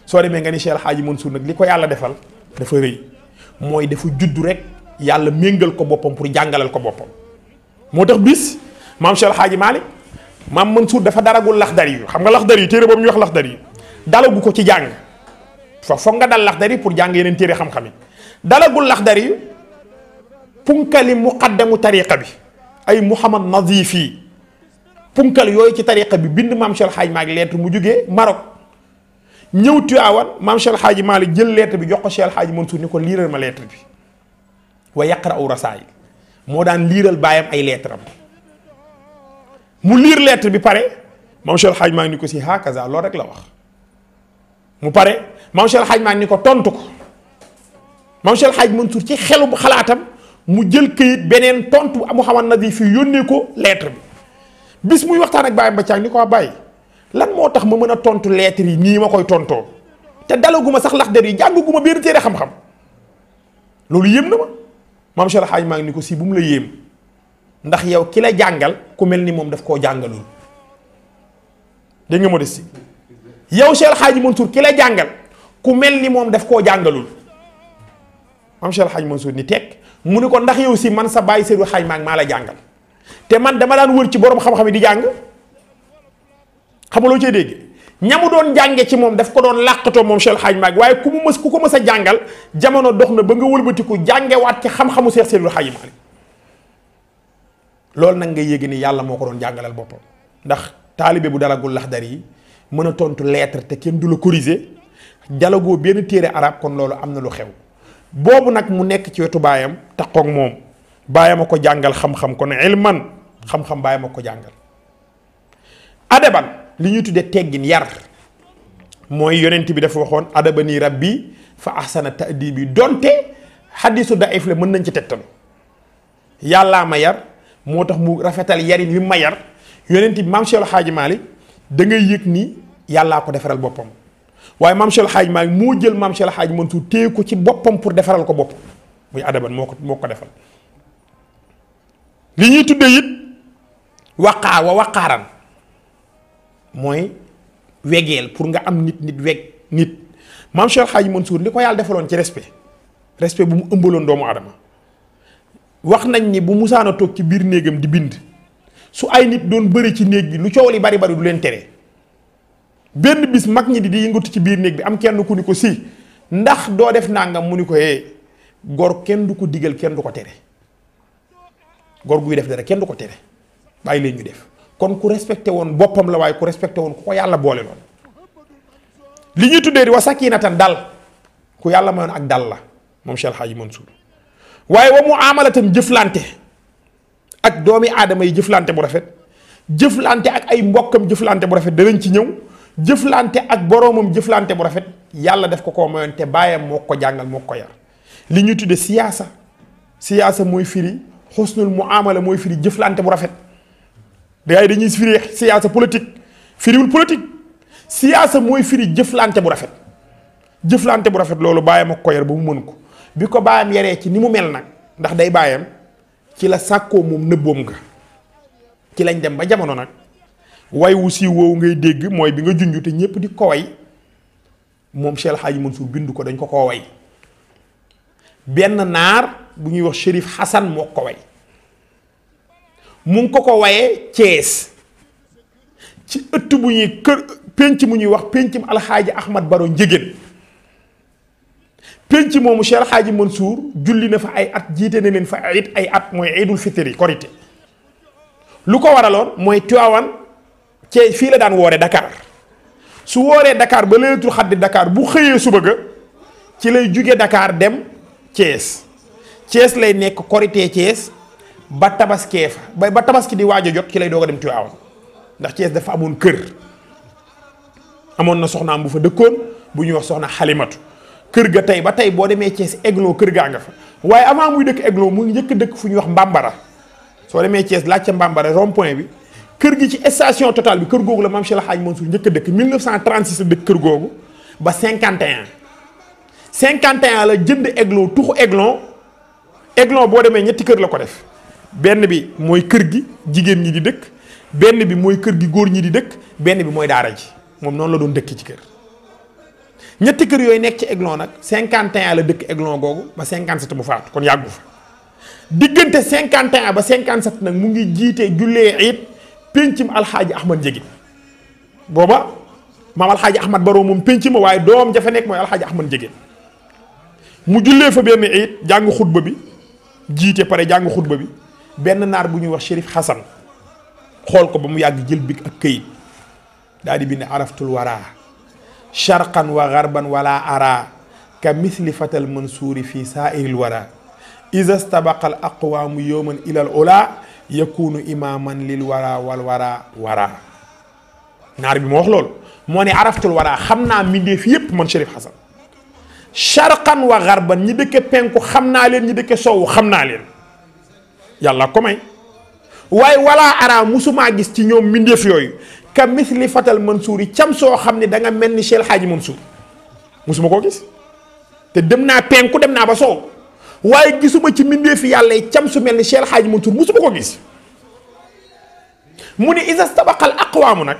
soo demee nga ni Cheikh Xaaji Mansour nag li ko yàlla defal dafa rëy mooy dafa juddu rek yàlla méngal ko boppam pour jàngalal ko boppam moo tax bis maam Cheikh Alhaaji Malick maam Mansour dafa daragul laxdar yi xam nga laxdar yi téere boobu ñuy wax laxdar yi dalagu ko ci jàng fa foog nga dal lax yi pour jàng yeneen téere xam-xam yi dalagul laxdar yi punkali muqaddamu tariqa bi ay Muhammad Nazif yi punkal yooyu ci tariqa bi bind maam Cheikh Alhaaji Malick lettre mu jugee Maroc ñëw Tiwaawan maam Cheikh Alhaaji Malick jël lettre bi jox ko Cheikh Alhaaji Mansour ni ko liiral ma lettre bi wa yaqra'u rasaayil moo daan liiral baayam ay lettre mu liir lettre bi pare maam Cheikh Xaaj maa ni ko si hakaza loolu rek la wax mu pare maam Cheikh Xaaj maa ni ko tontu ko maam Cheikh Xaaj Mansour ci xelu xalaatam mu jël këyit beneen tontu nag Nadi fi yónnee ko lettre bi bis muy waxtaan ak baayam ba caag bàyyi lan moo tax ma mën a tontu lettre yi nii ma koy tontoo te dalaguma sax lax der yi jàngaguma benn téere xam-xam loolu yëm na ma. maam Cheikh Alxaaj maa ngi ni ko si bu mu la yéem ndax yow ki la jàngal ku mel ni moom daf koo jàngalul dégg nga modestie yow Cheikh Alxaaj Mansour ki la jàngal ku mel ni moom daf koo jàngalul maam Cheikh Alxaaj Mansour ni teg mu ni ko ndax yow si man sa bàyyi Seydou xaaj maa ngi maa la jàngal te man dama daan wër ci borom xam-xam yi di jàng xamaloo cee dégg ñamu doon jànge ci moom daf ko doon làqatoo moom Cheikh Hadj Malick waaye ku mu mës ku ko mës a jàngal jamono dox na ba nga wëlbatiku jàngewaat ci xam-xamu Cheikh Seydil Hadj Malick loolu nag nga yéegi ni yàlla moo ko doon jàngalal boppam ndax taalibe bu dalagul laxdar yi mën a tontu lettre te kenn du la corriger dalagoo benn téere arab kon loolu am na lu xew boobu nag mu nekk ci wetu baayam kook moom baayam a ko jàngal xam-xam kon ilman xam-xam baayam ko jàngal adaban li ñuy tuddee teggin yar mooy yonent bi dafa waxoon rab rabbi fa ahsana ta'dibi donte xaddisu da la mën nañ ci tegtal yàllaa ma yar moo tax mu rafetal yarin wi ma yar yonent bi maam Cheikh El Hadj Malick da ngay yëg ni yàllaa ko defaral boppam waaye maam Cheikh El Hadj Malick moo jël maam Cheikh El Hadj Mansour téye ko ci boppam pour defaral ko boppam muy adaban moo ko moo ko defal li ñuy tuddee it waqaar wa waqaaran mooy wegeel pour nga am nit nit weg nit maam Cheikh mën Mansour li ko yàlla defaloon ci respect respect bu mu ëmbaloon doomu adama wax nañ ni bu musaana toog ci biir néegam di bind su ay nit doon bëri ci néeg bi lu coow li bari bari du leen tere benn bis mag ñi di di yëngatu ci biir néeg bi am kenn ku ni ko si ndax doo def nangam mu ni ko hee eh, gor kenn du ko digal kenn du ko tere gor guy def dara kenn du ko tere bàyyi leen ñu def. kon ku respecté woon boppam la waaye ku respecté woon ku ko yàlla boole loon li ñuy tuddee di wa sakinatan dal ku yàlla mayoon ak dal la moom Cheikh Hadji Mansour waaye wa mu tam jëflante ak doomi aadama yi jëflante bu rafet jëflante ak ay mbokkam jëflante bu rafet danañ ci ñëw jëflante ak boroomam jëflante bu rafet yàlla def ko ko mayoon te bàyyam moo ko jàngal moo ko yar li ñuy tuddee siyaasa siyaasa mooy firi mu muamala mooy firi jëflante bu rafet gars dañuy firi siyaasa politique firiwul politique siyaasa mooy firi jëflante bu rafet jëflante bu rafet loolu bàyyam ak ko yar ba mu mën ko bi ko bàyyam yaree ci ni mu mel nag ndax day bàyyam ci la sàkkoo moom nëbboom nga ci lañ dem ba jamono nag waywu wu siiw woowu ngay dégg mooy bi nga junj te ñépp di ko way moom Cheikh Hadji Mansour bindu ko dañ ko koo way benn naar bu ñuy wax Chérif Hassan moo ko way mu ngi ko ko waye Thiès ci ëtt bu ñuy kër penc mu ñuy wax mu alxaaji Ahmad Baro Njëgéen penc moomu Cheikh Alxaaji Mansour julli na fa ay at jiite ne leen fa it ay at mooy iidul fitri korité lu ko waraloon mooy Tiwaawan Thiès fii la daan woore Dakar su wooree dakaar ba leelatul xaddi Dakar bu xëyee suba ga ci lay jóge dakaar dem Thiès Thiès lay nekk korité Thiès ba tabaskee fa ba ba tabaski di waaj a jot ci lay doo a dem Tiwaawan ndax Cees dafa amoon kër amoon na soxnaam bu fa dëkkoon bu ñuy wax soxna xalimatu kër ga tey ba tey boo demee Cees Eglo kër gaa nga fa waaye avant muy dëkk Eglo mu njëkk dëkk fu ñuy wax Mbambara soo demee Cees laajte Mbambara rond point bi kër gi ci station Total bi kër googu la maam Cheikh El Hadj Mansour njëkk dëkk 1936 la dëkk kër googu ba 51 51 la jënd Eglo tuxu Eglo Eglo boo demee ñetti kër la ko def. benn bi mooy kër gi jigéen ñi di dëkk benn bi mooy kër gi góor ñi di dëkk benn bi mooy daara ji moom noonu la doon dëkk ci kër ñetti kër yooyu nekk ci Aiglon nag 51 la dëkk Aiglon googu ba 57 mu faatu kon yàggu fa diggante 51 ba 57 nag mu ngi jiite jullee it péncim alxaaji Ahmad Njegin booba maam alxaaji Ahmad Baro moom pénc ma waaye doom jafe nekk mooy alxaaji Ahmad Njegin mu jullee fa benn it jàng xutba bi jiite pare jàng xutba bi benn naar bu ñuy wax Chérif Hassan xool ko ba mu yàgg jël big ak këyit daal di bind araftul waraa sharqan wa garban wala ara ka misli fatal mansuuri fi saairil wara iza stabaqa al aqwaamu yowman ilal naar bi moo wax lool moo ne araftul wara xam naa mbindeef yépp man Chérif Hassan sharqan wa garban ñi dëkke penku xam naa leen ñi dëkke sowwu xam naa leen yàlla ko may waaye wala ara musumaa gis ci ñoom mbindeef yooyu ka misli fatal Mansuur yi cam soo xam ne danga mel ni Cheikh Hadji Mansour musuma koo gis te dem naa penku dem naa ba soow waaye gisuma ci mbindeef yàlla yi cam su mel ni Cheikh Hadji Mansour musuma ko gis mu ne isas tabaqal aqwaamu nag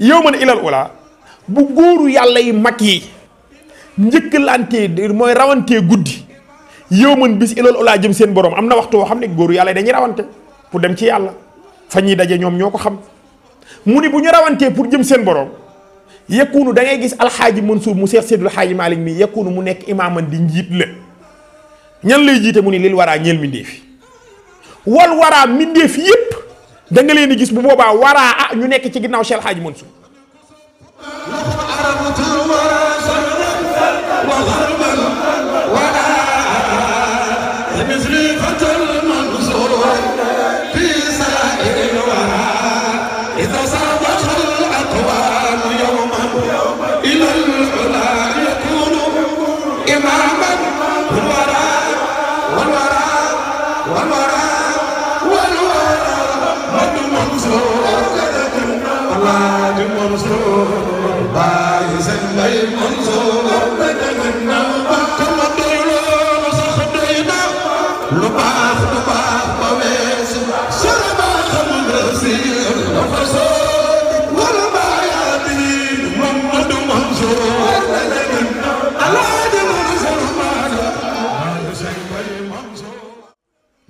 yow man ilal ula bu góoru yàlla yi mag yi njëkkalantee mooy rawante guddi yow man bis ilool olaa jëm seen borom am na waxtu woo xam ne góor yàlla dañuy rawante pour dem ci yàlla fa ñuy daje ñoom ñoo ko xam mu ni bu ñu rawantee pour jëm seen borom yekkunu da ngay gis alxaaji Mansour mu seex seydul xaaji Malick mi yekkunu mu nekk imaaman di njiit la ñan lay jiite mu ni lil waraa ñeel mindeefi wal waraa fi yépp da nga leen di gis bu boobaa waraa ah ñu nekk ci ginnaaw Cheikh Alxaaji Mansour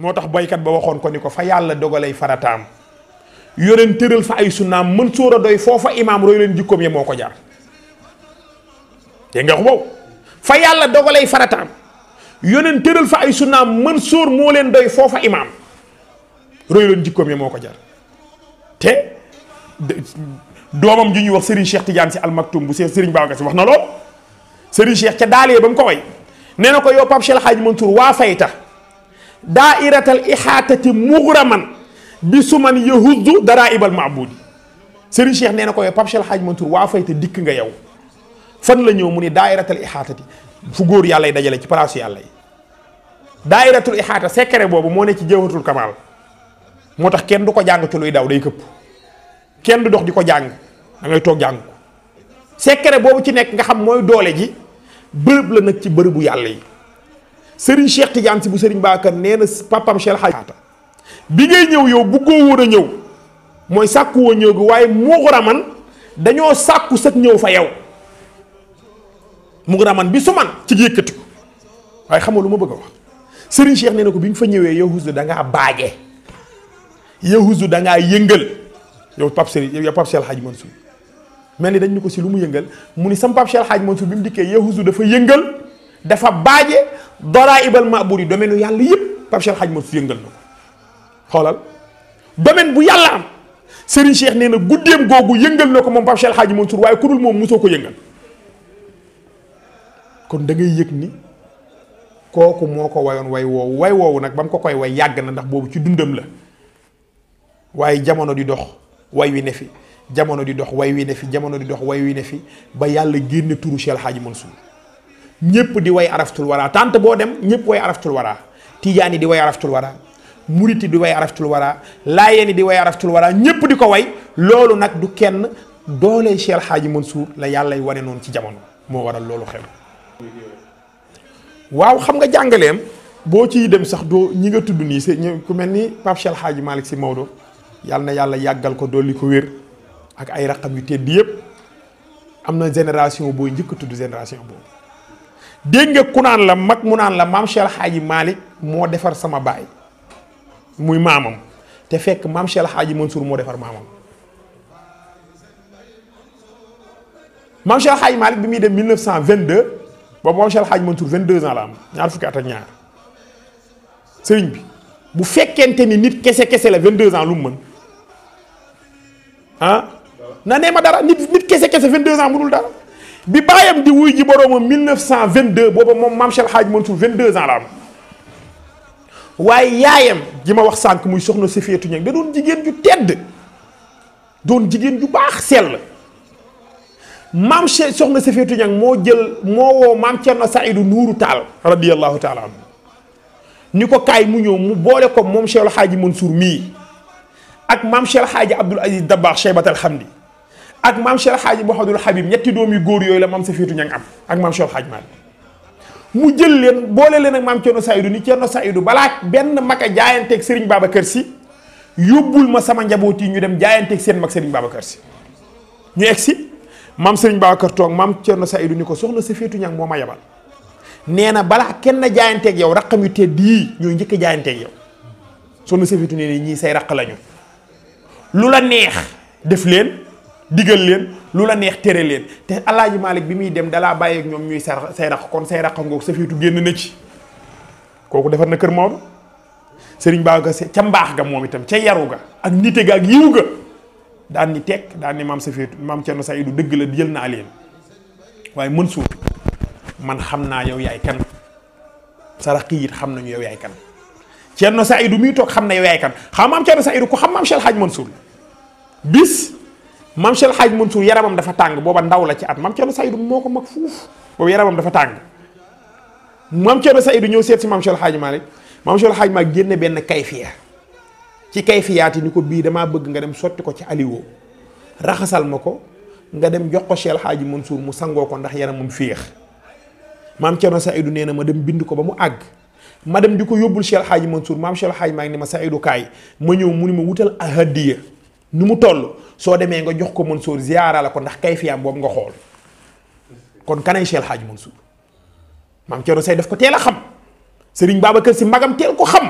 moo tax boykat ba waxoon ko ni ko fa yàlla dogalay farataam yoleen tëral fa ay sunnaam mën sóor a doy foofa imaam roy leen jikkoom ya moo ko jar dégg nga wow fa yàlla dogalay farataam yoneen tëral fa ay sunnaam mën sóor moo leen doy foofa imaam roy moo ko jar te doomam ju ñuy wax Serigne Cheikh Tidiane si almaktum bu Serigne nga si wax na lool Serigne Cheikh ca daalee ba mu ko way nee na ko yow Pape Cheikh Hadj Mansour waa fayta daa'iratal ixaatati mughraman bi su man yahuddu daraa'ibal maabudi Serigne Cheikh nee na ko yow Pape Cheikh waa fay te dikk nga yow fan la ñëw mu ne daa'iratal ixaatati fu góor yàlla yi dajale ci palaasu yàlla yi daa'iratul ixaata secret boobu moo ne ci jawhatul kamaal moo tax kenn du ko jàng daw day këpp kenn du dox di ko jàng da ngay toog jàng ko boobu ci nekk nga xam mooy doole ji bërëb la nag ci bërëbu yàlla yi. Serigne Cheikh Tidiane si bu Serigne Babacar nee na papam Cheikh Xaata bi ngay ñëw yow bëggoo woon a ñëw mooy sàkku woo ñëw gi waaye mu raman dañoo sàkku sëg ñëw fa yow mu raman bi su man ci yëkkati ko waaye xam nga lu ma bëgg a wax Serigne Cheikh nee na ko bi nga fa ñëwee yow Ousseynou da ngaa baaje yow Ousseynou da ngaa yëngal yow Pape Serigne yow Pape Cheikh Hadj Mansour mel ni dañ ñu ko si lu mu yëngal mu ni sam Pape Cheikh Hadj Mansour bi mu dikkee yow dafa yëngal. dafa baaje doraa ibal maabuur yi domaine yàlla yëpp Pape Cheikh Hadj Mansour yëngal na ko xoolal domaine bu yàlla am Serigne Cheikh nee na guddeem googu yëngal na ko moom Pape Cheikh Hadj Mansour waaye ku dul moom mosoo ko yëngal kon da yëg ni kooku moo ko wayoon way woowu way woowu nag ba mu ko koy way yàgg na ndax boobu ci dundam la waaye jamono di dox way wi ne fi jamono di dox way wi ne fi jamono di dox way wi ne fi ba yàlla génne turu Cheikh Hadj Mansour ñëpp di way araftul wara tant boo dem ñëpp way araftul wara tijaani di way araftul wara muriti di way araftul wara laayeeni di way araftul wara ñëpp di ko way loolu nag du kenn doole Cheikh Hadji Mansour la yàllay wane noonu ci jamono moo waral loolu xew waaw xam nga jàngaleem boo ciy dem sax doo ñi nga tudd nii see ñu mel ni Pape Cheikh Hadji Malick Maodo yàlla na yàlla yàggal ko dool dolli ko wér ak ay raqam yu tedd yëpp am na génération booy njëkk tudd génération boobu dégg nga ku naan la mag mu naan la maam Cheikh Hadji Malick moo defar sama baay muy maamam te fekk maam Cheikh Hadji Mansour moo defar maamam maam Cheikh Hadji Malick bi muy dem 1922 boobu maam Cheikh Hadji vingt 22 ans la am ñaar fukki at ak ñaar sëriñ bi bu fekkente ni nit kese kese la vingt 22 ans lu mu mën ah na nee ma dara nit nit kese kese 22 ans mënul dara. bi bàyyam di wuy ji boroomam 1922 booba moom maam Cheikh Hadj Mansour 22 ans la am waaye yaayam ji ma wax sànq muy soxna Safiyatu Ñaŋ da doon jigéen ju tedd doon jigéen ju baax sell maam Cheikh soxna Safiyatu Ñaŋ moo jël moo woo maam Cerno idu Nuuru Taal radiyallahu taala anhu ni ko kaay mu ñëw mu boole ko moom Cheikh Hadj Mansour mii ak maam Cheikh Hadj Abdoul Aziz Dabakh Cheybatal Hamdi ak maam Cheikh Xaaji Mouhamadoul Habib ñetti doomi góor yooyu la maam Safiyetou Niang am ak maam Cheikh Xaaji Maalik mu jël leen boole leen ak maam Thierno Saïdou ni Thierno Saïdou balaa benn mag a jaayanteeg Serigne Babacar Sy yóbbul ma sama njaboot yi ñu dem jaayanteeg seen mag Serigne Babacar Sy ñu egg si maam Serigne Babacar toog maam Thierno Saïdou ni ko soxna Safiyetou Niang moo ma yabal nee na balaa kenn jaayanteeg yow raqam yu tedd yii ñooy njëkk a jaayanteeg yow soxna Safiyetou nee na ñi say raq lañu lu la neex def leen. digal leen lu la neex tere leen te alaaji Malick bi muy dem dalaa bàyyi ak ñoom ñuy sa say rax kon say rax ngoog sa fiitu génn na ci kooku defar na kër Maodo sëriñ Babacar Sy ca mbaax moom itam ca yaru ga ak nite ga ak yiw ga daan ni tekk daan ni maam sa fiitu maam Thierno Seydou dëgg la jël naa leen waaye mën suuf man xam naa yow yaay kan sarax yi it xam nañu yow yaay kan Thierno Seydou miy toog xam na yow yaay kan xam maam Thierno Seydou ku xam maam Cheikh Hadj maam Cheikh Hadj Mansour yaramam dafa tàng booba ndaw la ci at maam Thierno Seydou moo ko mag fuuf boobu yaramam dafa tàng maam Thierno Seydou ñëw seet si maam Cheikh Hadj Malick maam Cheikh benn kayfiya ci kayfiyaati ni ko bii damaa bëgg nga dem sotti ko ci aliwoo raxasal ma ko nga dem jox ko Cheikh Hadj Mansour mu sangoo ko ndax yaramam féex maam Thierno Seydou nee na ma dem bind ko ba mu àgg. ma dem di ko yóbbul Cheikh Hadj Mansour maam Cheikh Hadj maa ngi ne ma Seydou kaay ma ñëw mu ni ma wutal ahadiya ni mu toll soo demee nga jox ko mën ziyaara la ko ndax kayfiyaam boobu nga xool kon kanay xaaj Hadj Mansour maam Thierno Seye def ko teel a xam sëriñ Serigne Babacar si magam teel ko xam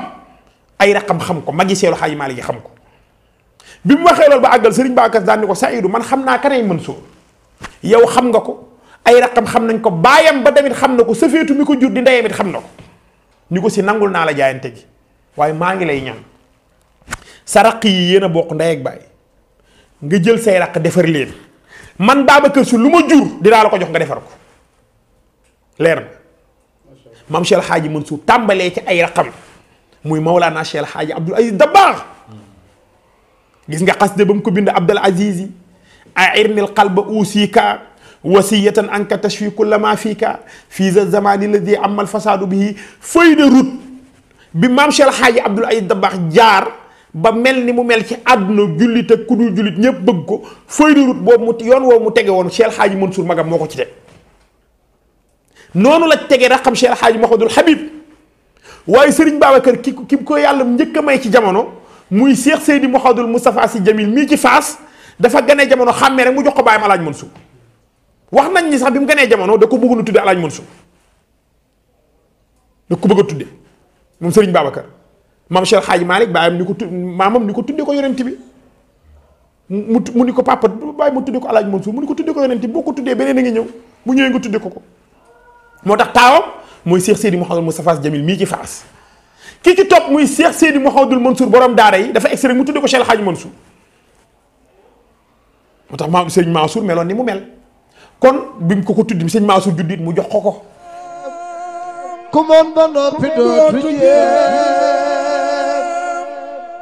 ay raqam xam ko magi Cheikh Hadj Malick xam ko bi mu ma loolu ba àggal sëriñ Babacar daan ni ko Saïdou man xam naa kanay Mansour yow xam nga ko ay raqam xam nañ ko baayam ba tamit xam na ko sëfeetu mi ko jur di ndeyam xam na ko ni ko si nangul naa la jaayante gi waaye maa ngi lay ñaan sa raq yi yéen a bokk ndey ak nga jël say raq defar leen man Babacar Sy lu ma jur dinaa la ko jox nga defar ko leer na maam Cheikh Xaaji Mansour tàmbalee ci ay raqam muy Mawlana Cheikh Xaaji Abdoul Aziz Dabakh gis nga xasde ba mu ko bind Abdul Aziz a airnil qalba uusika wasiyatan anka tashfi kulla ma fiika fii za zamani alladi amal fasaadu bihi feuille de route bi maam Cheikh Xaaji Abdoul Aziz Dabakh jaar ba mel ni mu mel ci àdduna jullit ak ku jullit ñëpp bëgg ko feuille de route boobu mu yoon woowu mu tege woon Cheikh Xaaji Mansour magam moo ko ci teg noonu la tege raxam Cheikh Xaaji Mahmadul Habib waaye Serigne Babacar ki ki ko yàlla njëkk a may ci jamono muy Cheikh Seydi Mouhamadoul Moustapha Sy Jamil mii ci Faas dafa gane jamono xàmmee rek mu jox ko bàyyam Alaaj Mansour wax nañ ni sax bi mu ganee jamono da ko bëggoon tudde tuddee Alaaj Mansour da ko bëgg a tuddee moom Serigne Babacar. maam Cheikh Xaaji Malick baayam ko tu maamam ni ko tuddee ko ko papa bàyyi mu ko alaaj Mansour mu ni ko tuddee ko yonent bi bu ñëwee ko moo tax taawam mooy Cheikh Seydi Mouhamadou Moustapha Jamil mii ci Faas muy Cheikh Seydi Mouhamadou Mansour borom daara yi dafa extrait mu tuddee ko Cheikh Xaaji moo tax maam sëñ Mansour meloon ni mu mel kon bi mu ko ko tuddi sëñ Mansour juddit mu jox ko ko ku moom ba noppi dootu jeex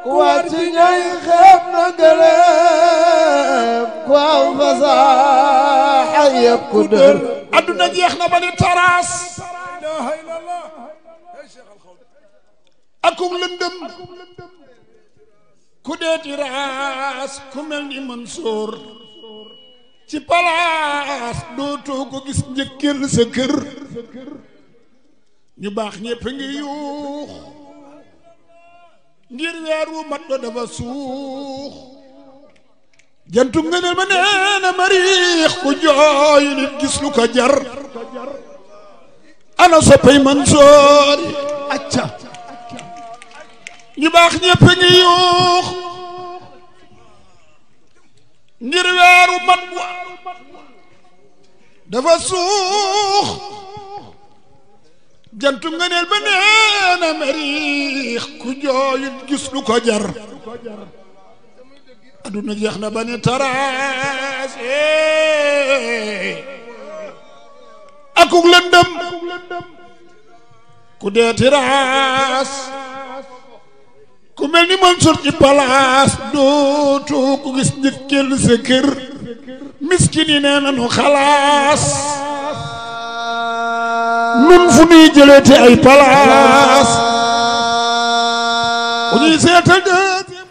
ku war ci ñay xeeb na gëlëm ku aw fasaaxa yëpp ku dër adduna jeex na ba ni taraas akum lëndëm ku dee tiraas ku mel ni Mansoor ci palaas dootoo ko gis njëkkër sa ñu baax ñëpp ngi yuux ngir weer wu mat do dafa suux jantu nga ne ma nee na mariix ku jooy nit gis lu jar ana soppay Mansoori acca ñu baax ñëpp ngi yuux ngir weer wu mat dafa suux jantu ngëneel ba nee na ku jooyut gis lu ko jar aduna jeex na ba ni taraas akuk lëndëm ku dee tiraas ku mel ni Mansour ci palaas dootu ku gis njëkkeel sa kër miskin yi nu xalaas nun fu nuy te ay palaas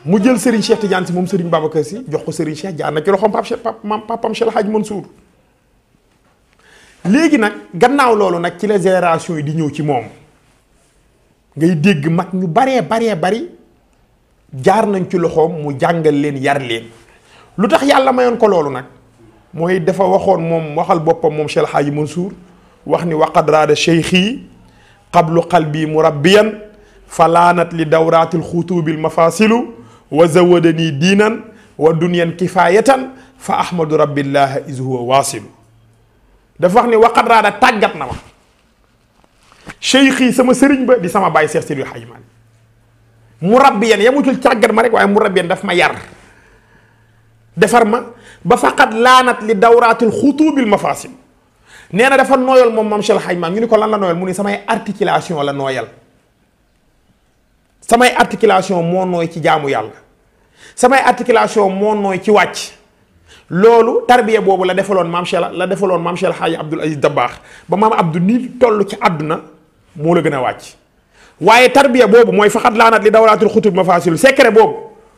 mu jël Serigne Cheikh Tidiane moom Serigne Babacar si jox ko Serigne Cheikh jaar na ci loxoom Pape Cheikh Pape Cheikh Hadj Mansour léegi nag gannaaw loolu nag ci la génération yi di ñëw ci moom ngay dégg mag ñu baree baree bari jaar nañ ci loxoom mu jàngal leen yar leen lu tax yàlla mayoon ko loolu nag mooy dafa waxoon moom waxal boppam moom yi Hadj Mansour wax ni waqad raada cheikhi qablu qalbi fa falaanat li dawraatil xutuubil mafaasilu wa zawadanii diinan wa dunyan kifaayatan fa ahmadu rabbillaha is huwa waasilu dafa wax ni waqad raada tàggat na ma cheikhi sama sëriñ ba di sama bàyyi Seex Seydi Hajji Maalik murabbiyan yamutul tàggat ma rek waaye murabbiyan daf ma yar defar ma ba faqad laanat li dawraatil xutuubil mafaasil nee na dafa nooyal moom maam Cheikh Xaj Maam ñu ni ko lan la nooyal mu ni samay articulation la nooyal samay articulation moo nooy ci jaamu yàlla samay articulation moo nooy ci wàcc loolu tarbiya boobu la defaloon maam Cheikh la defaloon maam Cheikh Xaaji Abdul Aziz Dabaax ba maam Abdou ni toll ci àdduna moo la gën a wàcc waaye tarbiya boobu mooy faxat laanat li dawlaatul xutub mafaasilu secret boobu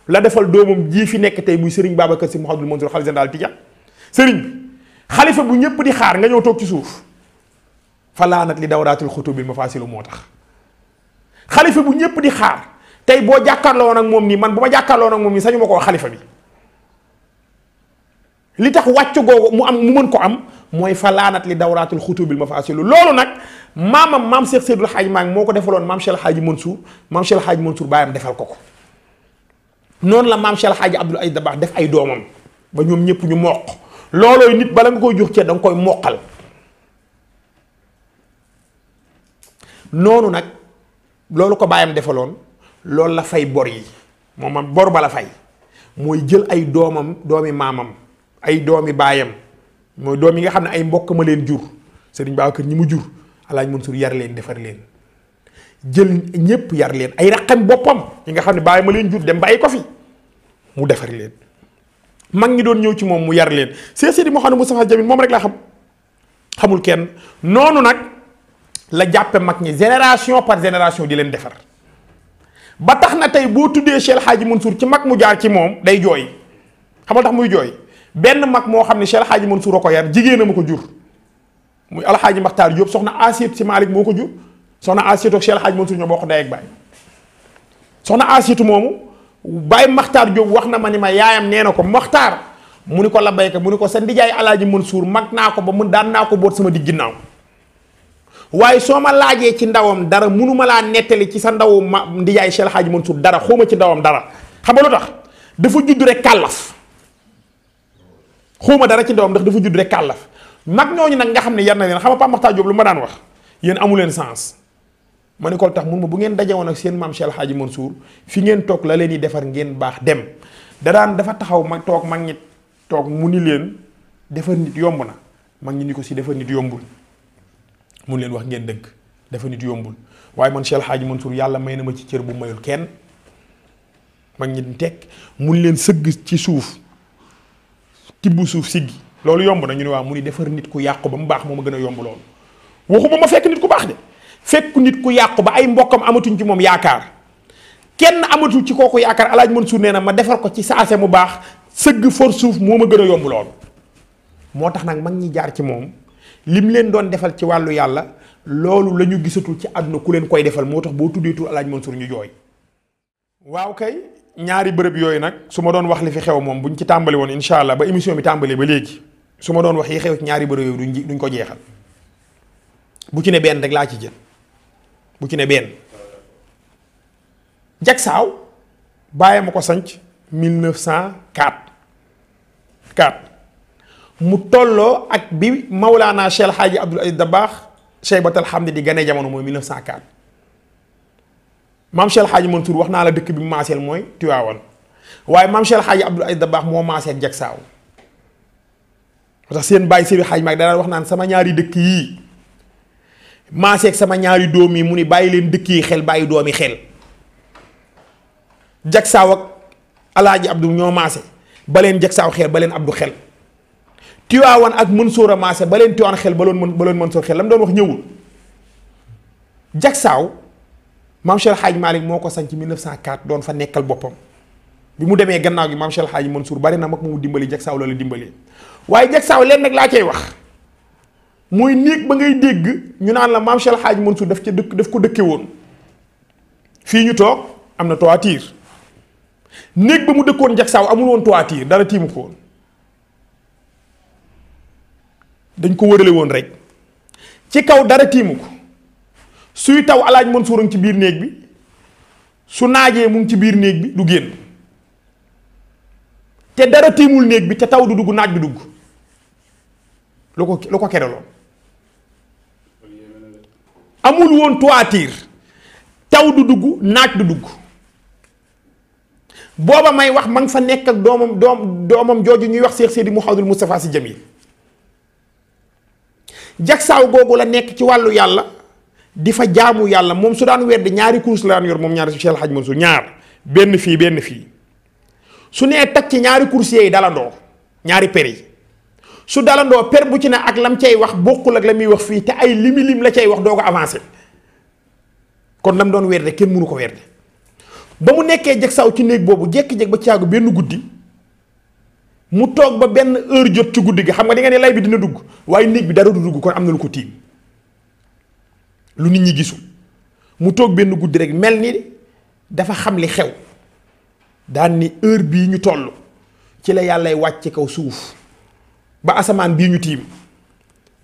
la defal doomam jii fi nekk tey muy Serigne Babacar Sy Mouhamadoul Mansour xalifa général Tidiane Serigne bi xalifa bu ñëpp di xaar nga ñëw toog ci suuf fa laanat li dawraatul xutubil mafaasilu moo tax xalifa bu ñëpp di xaar tey boo woon nag moom nii man bu ma jàkkaarloo nag moom nii sañu ma koo xalifa bi li tax wàcc googu mu am mu mën ko am mooy fa laanat li dawraatul xutubil mafaasilu loolu nag maamam maam Cheikh Seydul Xaaj maa moo ko defaloon maam Cheikh Xaaji Mansour maam Cheikh Xaaji Mansour baayam defal ko ko noonu la maam Cheikh Xaaji Abdul Aziz Dabakh def ay doomam ba ñoom ñëpp ñu moq. loolooy nit bala nga koy jox cër da koy moqal noonu nag loolu ko baayam defaloon loolu la fay bor yi moom bor ba la fay mooy jël ay doomam doomi maamam ay doomi baayam mooy doom yi nga xam ne ay mbokk ma leen jur Serigne Babacar ñi mu jur Alaaji Mansour yar leen defar leen jël ñépp yar leen ay raqam boppam yi nga xam ne baay ma leen jur dem bàyyi ay kofi mu defar leen mag ñi doon ñëw ci moom mu yar leen Cheikh Sidi Mouhamed Moustapha Jamil moom rek laa xam xamul kenn noonu nag la jàppe mag ñi génération par génération di leen defar ba tax na tey boo tuddee Cheikh Hadji Mansour ci mag mu jaar ci moom day jooy xamal tax muy jooy benn mag moo xam ne Cheikh Hadji Mansour a ko yar jigéenam a ko jur muy alxaaji Maxtaar Jóob soxna Asiyetu si Maalik moo ko jur soxna Asiyetu ak Cheikh Hadji Mansour ñoo bokk ndey ak baay soxna Asiyetu moomu Baye maxtaar Diop wax na ma ni ma yaayam nee na ko maxtaar mu ni ko la bayka mu ni ko sa ndijaay alaaji Mansour mag naa ko ba mu daan naa ko boot sama digg ginnaaw waaye soo ma laajee ci ndawam dara munuma laa nettali ci sa ndawu ma ndijaay Cheikh Hadji Mansour dara xawma ci ndawam dara xam nga lu tax dafa judd rek kàllaf xawma dara ci ndawam ndax dafa judd rek kàllaf mag ñooñu nag nga xam ne yar na leen xam nga Pape Makhtar lu ma daan wax yéen amu leen sens. ma ne ko tax mun ma bu ngeen dajewoon ak seen maam Cheikh xaaj Hadji Mansour fi ngeen toog la leen di defar ngeen baax dem da daan dafa taxaw ma toog mag ñi toog mu ni leen defar yomb na mag ñi ni ko si defar nit yombul mun leen wax ngeen dëgg dafa nit yombul waaye man sel El Hadji Mansour yàlla may na ma ci cër bu mayul kenn mag ñi tekk mun leen sëgg ci suuf tibb suuf siggi loolu yomb na ñu ne waaw mu ni defar nit ku yàqu ba mu baax moo ma gën a yomb loolu waxuma ma fekk nit ku baax de. fekk nit ku yàqu ba ay mbokkam amatuñ ci moom yaakaar kenn amatul ci kooku yaakaar alaaj Mansuur nee na ma defar ko ci saase mu baax sëgg for suuf moo ma gën a yomb loolu moo tax nag mag ñi jaar ci moom lim leen doon defal ci wàllu yàlla loolu la ñu gisatul ci àdduna ku leen koy defal moo tax boo tuddee tur alaaj Mansuur ñu jooy waaw kay ñaari bërëb yooyu nag su ma doon wax li fi xew moom buñ ci tàmbali woon incha allah ba émission bi tàmbalee ba léegi su ma doon wax yi xew ci ñaari bërëb yooyu duñ ko jeexal bu ci ne benn rek laa ci jël bu ci ne benn jagsaaw bàyyi ma ko sanc 1904 4 mu tolloo ak bi Maulana Cheikh Hadji Abdoul Aziz Dabakh Cheybatul Hamdi di gane jamono mooy 1904 maam Cheikh Hadji Mansour wax naa la dëkk bi mu maaseel mooy Tiwaawan waaye maam Cheikh Hadji Abdoul Aziz Dabakh moo maaseel jagsaaw moo seen bàyyi Seydi Hadji Maalik daan wax naan sama ñaari dëkk yii. maaseeg sama ñaari doom yi mu ni bàyyi leen dëkk xel bàyyi doom yi xel jag saaw ak alaaji abdu ñoo maase ba leen jag saaw xel ba leen abdu xel tiwaawan ak Mansour a maase ba leen tiwaan xel ba loon mën ba loon Mansour xel la mu doon wax ñëwul jag saaw maam Cheikh Hadj Malick moo ko sanc 1904 doon fa nekkal boppam bi mu demee gannaaw gi maam Cheikh Hadj Mansour bari na mag mu dimbali jag saaw la la dimbali waaye jag saaw leen nag laa koy wax mooy néeg ba ngay dégg ñu naan la maam Cheikh Hadj Mansour daf ca dëkk daf ko dëkke woon fii ñu toog am na toiture néeg ba mu dëkkoon jagsaaw amul woon toiture dara tiimu ko woon dañ ko wërale woon rek ci kaw dara tiimu ko suy taw alaaj Mansour a ci biir néeg bi su naajee mu ngi ci biir néeg bi du génn te dara tiimul néeg bi te taw du dugg naaj du dugg lu ko lu ko keraloon amul woon toiture taw du dugg naaj du dugg booba may wax ma fa nekk ak doomam doom doomam jooju ñuy wax Cheikh Seydi Mouhamadou Moustapha Sy Jamil jagsaaw googu la nekk ci wàllu yàlla di fa jaamu yàlla moom su daan wedd ñaari kurus la daan yor moom ñaari su Cheikh Hadj Mansour ñaar benn fii benn fii su nee tag ci ñaari kurus yi dalandoo ñaari per yi su dalandoo per bu ci ne ak lam cay wax bokkul ak la muy wax fii te ay limi lim la cay wax doo ko avancé kon lam doon werde kenn mënu ko werde ba mu nekkee jeg saw ci néeg boobu jekki-jeg ba caagu benn guddi mu toog ba benn heure jot ci guddi gi xam nga di ne lay bi dina dugg waaye néeg bi dara du dugg kon am na lu ko tiim lu nit ñi gisu mu toog benn guddi rek mel ni dafa xam li xew daan ni heure bii ñu toll ci la yàllay wàcc kaw suuf ba asamaan bii ñu tiim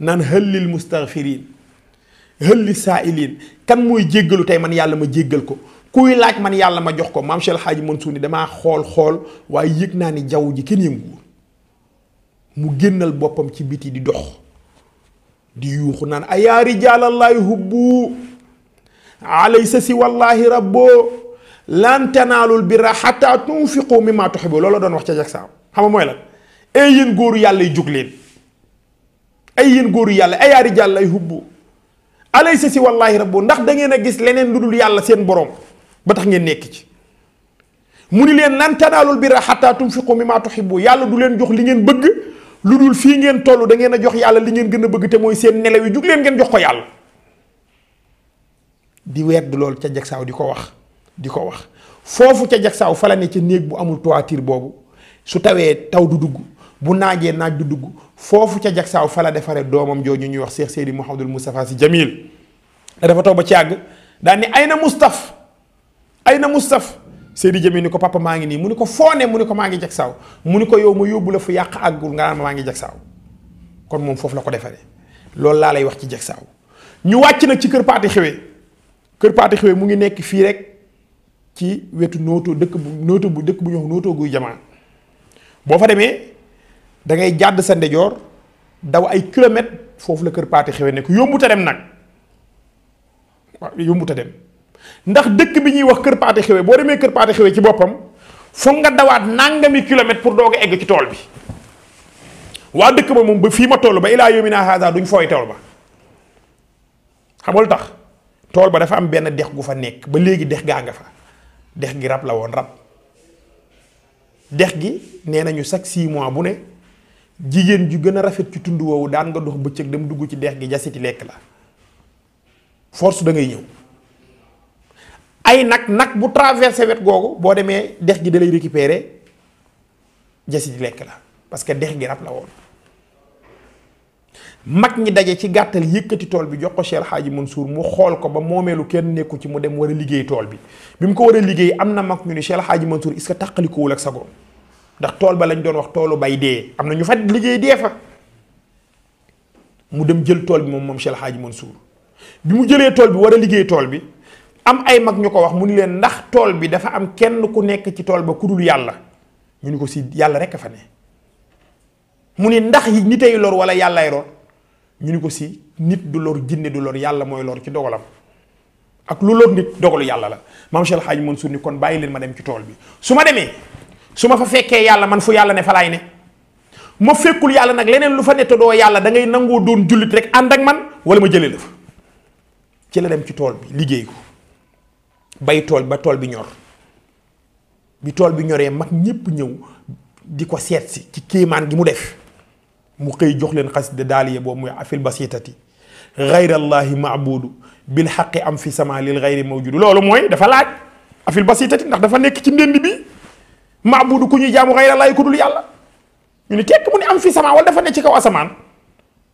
naan xëllil mustaghfirin xëlli saailiin kan mooy jéggalu tey man yàlla ma jéggal ko kuy laaj man yàlla ma jox ko maam Cheikh Hadji Mansour ni dama xool xool waaye yëg naa ni jaww ji kenn yënguwul mu génnal boppam ci biti di dox di yuuxu naan ayaa rijaalallaahi hubbu alaysa si wallaahi rabboo lan tanaalul birra xataa tunfiqu mimmaa tuhibbu loolu doon wax ca jag saam xam nga mooy lan ay yéen góoru yàlla yi jug leen ay yéen góoru yàlla ay yaari jàll ay hubbu alay sa si wallaahi rabbu ndax dangeen a gis leneen lu dul yàlla seen borom ba tax ngeen nekk ci mu ni leen lan tanaalul birra xataa tunfiqu mimmaa tuhibbu yàlla du leen jox li ngeen bëgg lu dul fii ngeen toll da ngeen a jox yàlla li ngeen gën a bëgg te mooy seen nelaw yi jug leen ngeen jox ko yàlla di wedd loolu ca jagsaaw di ko wax di ko wax foofu ca jagsaaw fa la ne ca néeg bu amul toiture boobu su tawee taw du dugg bu naajee naaj du dugg foofu ca jagsaaw fa la defaree doomam ñu ñuy wax Cheikh Seydi Mouhamadul Moustapha Sy Jamil dafa taw ba ci àgg daan ni ay na Moustapha ay na Moustapha Seydi Jamil ni ko papa maa ngi nii mu ni ko foone mu ni ko maa ngi jagsaaw mu ni ko yow ma yóbbu la fu yàq àggul nga naan ma maa ngi jagsaaw kon moom foofu la ko defaree loolu laa lay wax ci jagsaaw ñu wàcc nag ci kër Paate Xewe kër Paate Xewe mu ngi nekk fii rek ci wetu nooto dëkk bu bu dëkk bu ñuy wax guy jamaan boo fa demee. da ngay jàdd sa ndejoor daw ay kilomètres foofu la kër paate xewe ne ko dem nag waaw yombuta dem ndax dëkk bi ñuy wax kër paate xewe boo demee kër paate xewe ci boppam foog nga dawaat nangami kilomètres pour doog a egg ci tool bi waa dëkk ba moom ba fii ma toll ba ilaa naa haasa duñ fooy tool ba xamul tax tool ba dafa am benn dex gu fa nekk ba léegi dex gaa nga fa dex gi rab la woon rab dex gi nee nañu chaque six mois bu ne jigéen ju gën a rafet ci tund woowu daan nga dox bëccëg dem dugg ci dex gi jasiti lekk la force da ngay ñëw ay nag nag bu traversé wet googu boo demee dex gi da lay récupérer jasiti lekk la parce que dex gi rab la woon mag ñi daje ci gàttal yëkkati tool bi jox ko Cheikh Hadji Mansour mu xool ko ba moomeelu kenn nekku ci mu dem war a liggéey tool bi bi mu ko war a liggéey am na mag ñu ni Cheikh Hadji Mansour est-ce que tàqalikuwul ak sagoom ndax tool ba lañ doon wax toolu bay dee am na ñu fa liggéey dee fa mu dem jël tool bi moom moom Cheikh Hadji Mansour bi mu jëlee tool bi war a liggéey tool bi am ay mag ñu ko wax mu ni leen ndax tool bi dafa am kenn ku nekk ci tool ba ku yàlla ñu ni ko si yàlla rek a fa ne mu ni ndax nit ay lor wala yàllaay lor ñu ni ko si nit du lor jinne du lor yàlla mooy lor ci dogalam ak lu lor nit yàlla la maam Cheikh Hadji Mansour ni kon bàyyi leen ma dem ci tool bi su ma demee su ma fa fekkee yàlla man fu yàlla ne falaay ne ma fekkul yàlla nag leneen lu fa ne te doo yàlla da ngay nangoo doon jullit rek ànd ak man wala ma jëlee la fa ci la dem ci tool bi liggéey ko bay tool ba tool bi ñor bi tool bi ñoree mag ñépp ñëw di ko seet si ci kéemaan gi mu def mu xëy jox leen xasida daaliya boobu muy afil basitati gayrallahi maabudu bil xaqi am fi sama lil gayri mawjudu loolu mooy dafa laaj afil basitati ndax dafa nekk ci ndend bi maabudu ku ñuy jaamu xayra laay ku dul yàlla ñu ni tekk mu ni am fi samaan wala dafa ne ci kaw asamaan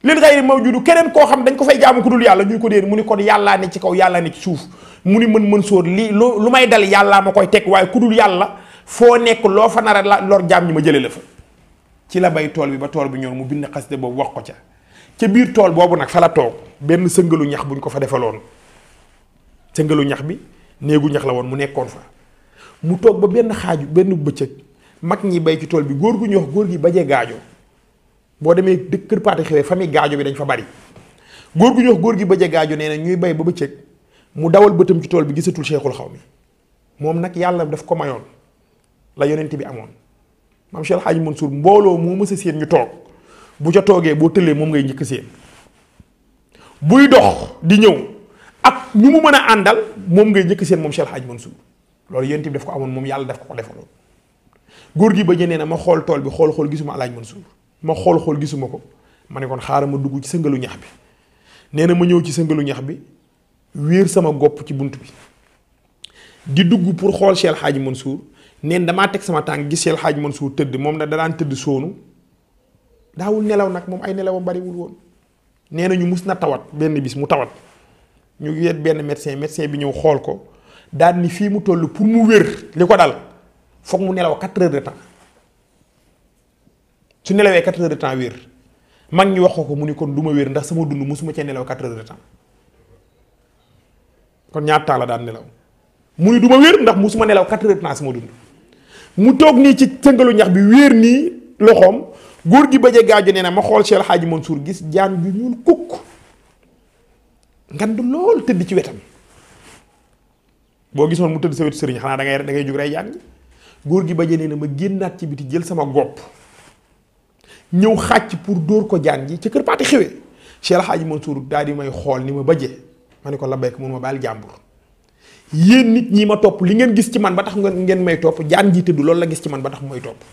lil xayri mawjudu keneen koo xam dañ ko fay jaamu ku dul ko déer mu ni kon yàllaa ne ci ne ci suuf mu ni mën mën sóor lii lu may dal yàllaa ma koy teg waaye ku dul yàlla foo nekk loo fa nar a lor jaam ñi ma jëlee la fa ci la bay tool bi ba tool bi ñor mu bind xasida boobu wax ko ca ca biir tool boobu nag fa la toog benn sëngalu ñax bu ñu ko fa defaloon sëngalu ñax bi néegu ñax la woon mu nekkoon fa mu toog ba benn xaaju benn bëccëg mag ñi bay ci tool bi góor gu ñuy wax góor gi bajee gaajo boo demee dëkk kër paate xewee famille gaajo bi dañ fa bari góor gu ñuy góor gi bajee gaajo nee nag ñuy bay ba bëccëg mu dawal bëtam ci tool bi gisatul seexul xaw mi moom nag yàlla daf ko mayoon la yonent bi amoon maam Cheikh Hadji Mansour mbooloo moo mës a séen ñu toog bu ca toogee boo tëlee moom ngay njëkk seen buy dox di ñëw ak ñu mu mën a àndal moom ngay njëkk seen moom Cheikh Hadji Mansour loolu yéen tamit daf ko amoon moom yàlla daf ko ko defaloon góor gi ba nee na ma xool tool bi xool xool gisuma alaaj Mansuur ma xool xool gisuma ko ma ne kon xaaral ma dugg ci sëngalu ñax bi nee na ma ñëw ci sëngalu ñax bi wéer sama gopp ci bunt bi di dugg pour xool Cheikh El mën Mansour neen damaa teg sama tànk gis seel xaaj Hadj Mansour tëdd moom na daan tëdd soonu daawul nelaw nag moom ay nelaw bariwul woon nee na ñu mus na tawat benn bis mu tawat ñu yet benn médecin médecin bi ñëw xool ko daan ni fii mu toll pour mu wér li ko dal foog mu nelaw quatre heures de temps su nelawee quatre de temps wér mag ñi wax ko ko mu ni kon du ma wér ndax sama dund mosuma cee nelaw quatre heures de temps kon ñaata la daan nelaw mu ni du ma wér ndax mosuma nelaw quatre heures de temps sama dund mu toog nii ci cëngalu ñax bi wéer nii loxoom góor gi bëjee gaajo nee na ma xool Cheikh Hadji suur gis jaan ju ñuul kukk ngan du lool tëdd ci wetam boo gisoon mu tëdd sa wetu sëriñ xanaa da ngay da ngay jug rey jàng góor gi baje nee na ma génnaat ci biti jël sama gopp ñëw xàcc pour dóor ko jaan ji ci kër paati xewee Cheikh Alhaaji Mansour daal di may xool ni ma baje ma ne ko la bayk mun ma baal jàmbur yéen nit ñi ma topp li ngeen gis ci man ba tax ngeen may topp jaan ji tëdd loolu la gis ci man ba tax mooy topp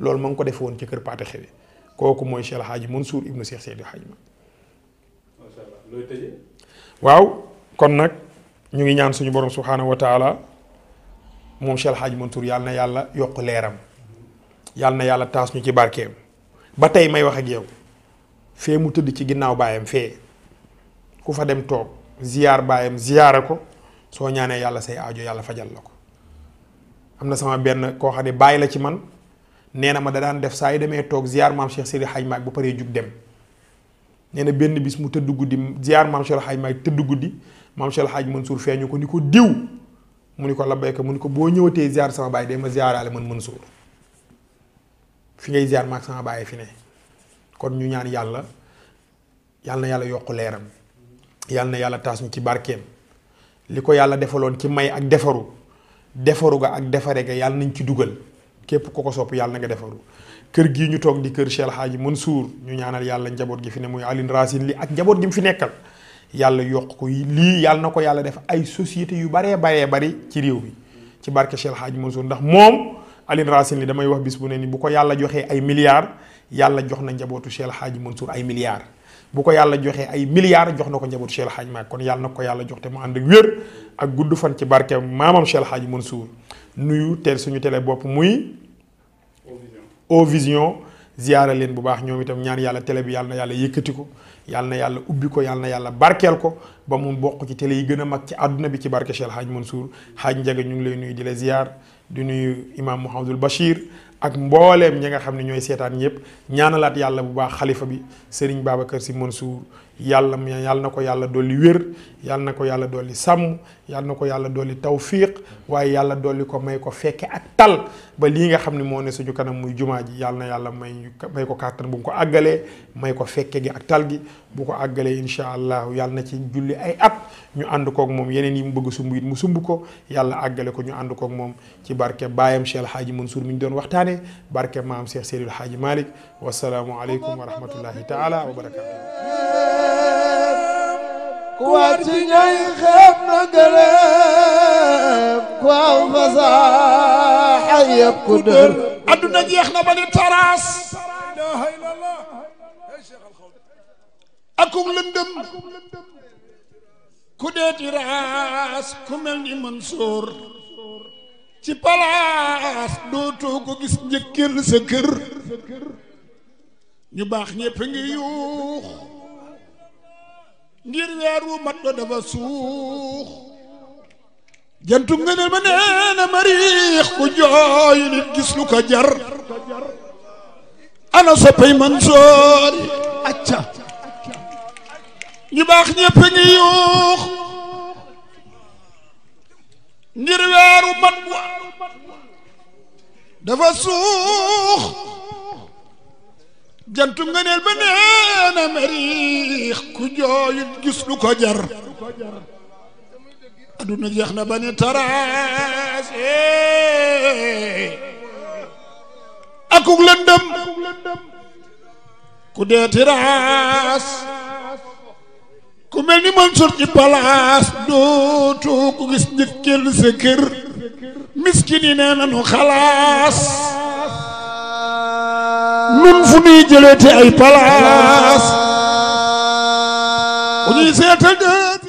loolu ma ngi ko defe woon ci kër paati kooku mooy Cheikh Alhaaji Mansour ibnu Cheikh Seydi Hadji ma waaw kon nag ñu ngi ñaan suñu borom subhaanahu wa taala moom Cheikh Hadj Mansour yàlla na yàlla yokk leeram yàlla na yàlla taas ñu ci barkeem ba tey may wax ak yow fee mu tëdd ci ginnaaw baayam fee ku fa dem toog ziyaar baayam ziyaara ko soo ñaanee yàlla say aajo yàlla fajal la ko am na sama benn koo xam ne bàyyi la ci man nee na ma da daan def saa yu demee toog ziyaar maam Cheikh Seydi Hadj Maag bu paree jug dem nee na benn bis mu tëdd guddi ziyaar maam Cheikh Hadj Maag tëdd guddi maam Cheikh El suur fee ñu ko ni ko diw mu ni ko labbayka mu ni ko boo ñëwatee ziar sama baay de ma ziaraale man Mansour fi ngay ziar maag sama baay fi ne kon ñu ñaan yàlla yàlla yàlla yokk leeram yàlla na ci barkeem li ko yàlla defaloon ci may ak defaru defaru ak defare yàlla nañ ci dugal képp ko ko sopp yàlla na nga defaru kër gii ñu toog di kër Cheikh El Hadj Mansour ñu ñaanal yàlla njaboot gi fi ne muy Aline Racine li ak njaboot gi mu fi nekkal yàlla yokk ko lii yàlla na ko yàlla def ay société yu bare baree bari ci réew bi ci barke Cheikh Hadj Mansour ndax moom Aline Racine li damay wax bis bu ne ni bu ko yàlla joxee ay milliards yàlla jox na njabootu Cheikh Hadj Mansour ay milliards. bu ko yàlla joxee ay milliards jox na ko njabootu Cheikh Hadj Maag kon yàlla na ko yàlla jox te mu ànd ak wér ak gudd fan ci barke maamam Cheikh Hadj Mansour nuyu teel suñu télé bopp muy. Ovision Ovision ziyaara leen bu baax ñoom itam ñaan yàlla télé bi yàlla na yàlla yëkkati ko. yàlla na yàlla ubbi ko yàlla yàlla barkeel ko ba mu bokk ci télé yi gën a mag ci àdduna bi ci barke Cheikh Hadj Mansour Hadj Ndiaga ñu ngi lay nuyu di la ziar di nuyu imam Mouhamadul Bachir ak mbooleem ñi nga xam ne ñooy seetaan ñëpp ñaanalaat yàlla bu baax xalifa bi Serigne Babacar Sy Mansour yàlla mu yàlla na ko yàlla dolli wér yàlla na ko yàlla dolli sàmm yàlla na ko yàlla dolli tawfiq waaye yàlla dolli ko may ko fekke ak tal ba lii nga xam ne moo ne suñu kanam muy jumaa ji yàlla na yàlla may may ko kàttan bu mu ko àggalee may ko fekke gi ak tal gi bu ko àggalee incha allah yàlla na ci julli ay at ñu ànd kook moom yeneen yi mu bëgg sumb it mu sumb ko yàlla àggale ko ñu ànd kook moom ci barke baayam Cheikh Alhaaji Mansour mi ñu doon waxtaanee barke maam Cheikh Seydil Haaji Malick wasalaamu aleykum wa rahmatullahi taala wa barakatu ku waat ci ñay xeeb na gëlëm ku aw fasaaxa ku dër adduna jeex na ba ni taraas akum lëndëm ku deeti raas ku mel ni Mansoor ci palaas dootoo ko gis njëkkër sa ñu baax ñëpp ngi yuux ngir weer wu mat do dafa suux jantu nga ne ma nee na mariix ku jooy nit gis lu ko jar ana soppay Mansoori acca ñu baax ñëpp ngi yuux ngir weer wu mat dafa suux jantu ngëneel ba nee mariix ku jooyut gis lu ko jar aduna jeex na ba ni taraas akuk lëndëm ku dee tiraas ku mel ni Mansour ci palaas dootu ku gis njëkkeel sa miskin yi nee nu xalaas nun fu nuy jëleeti ay palaas bu ñuy seetal déet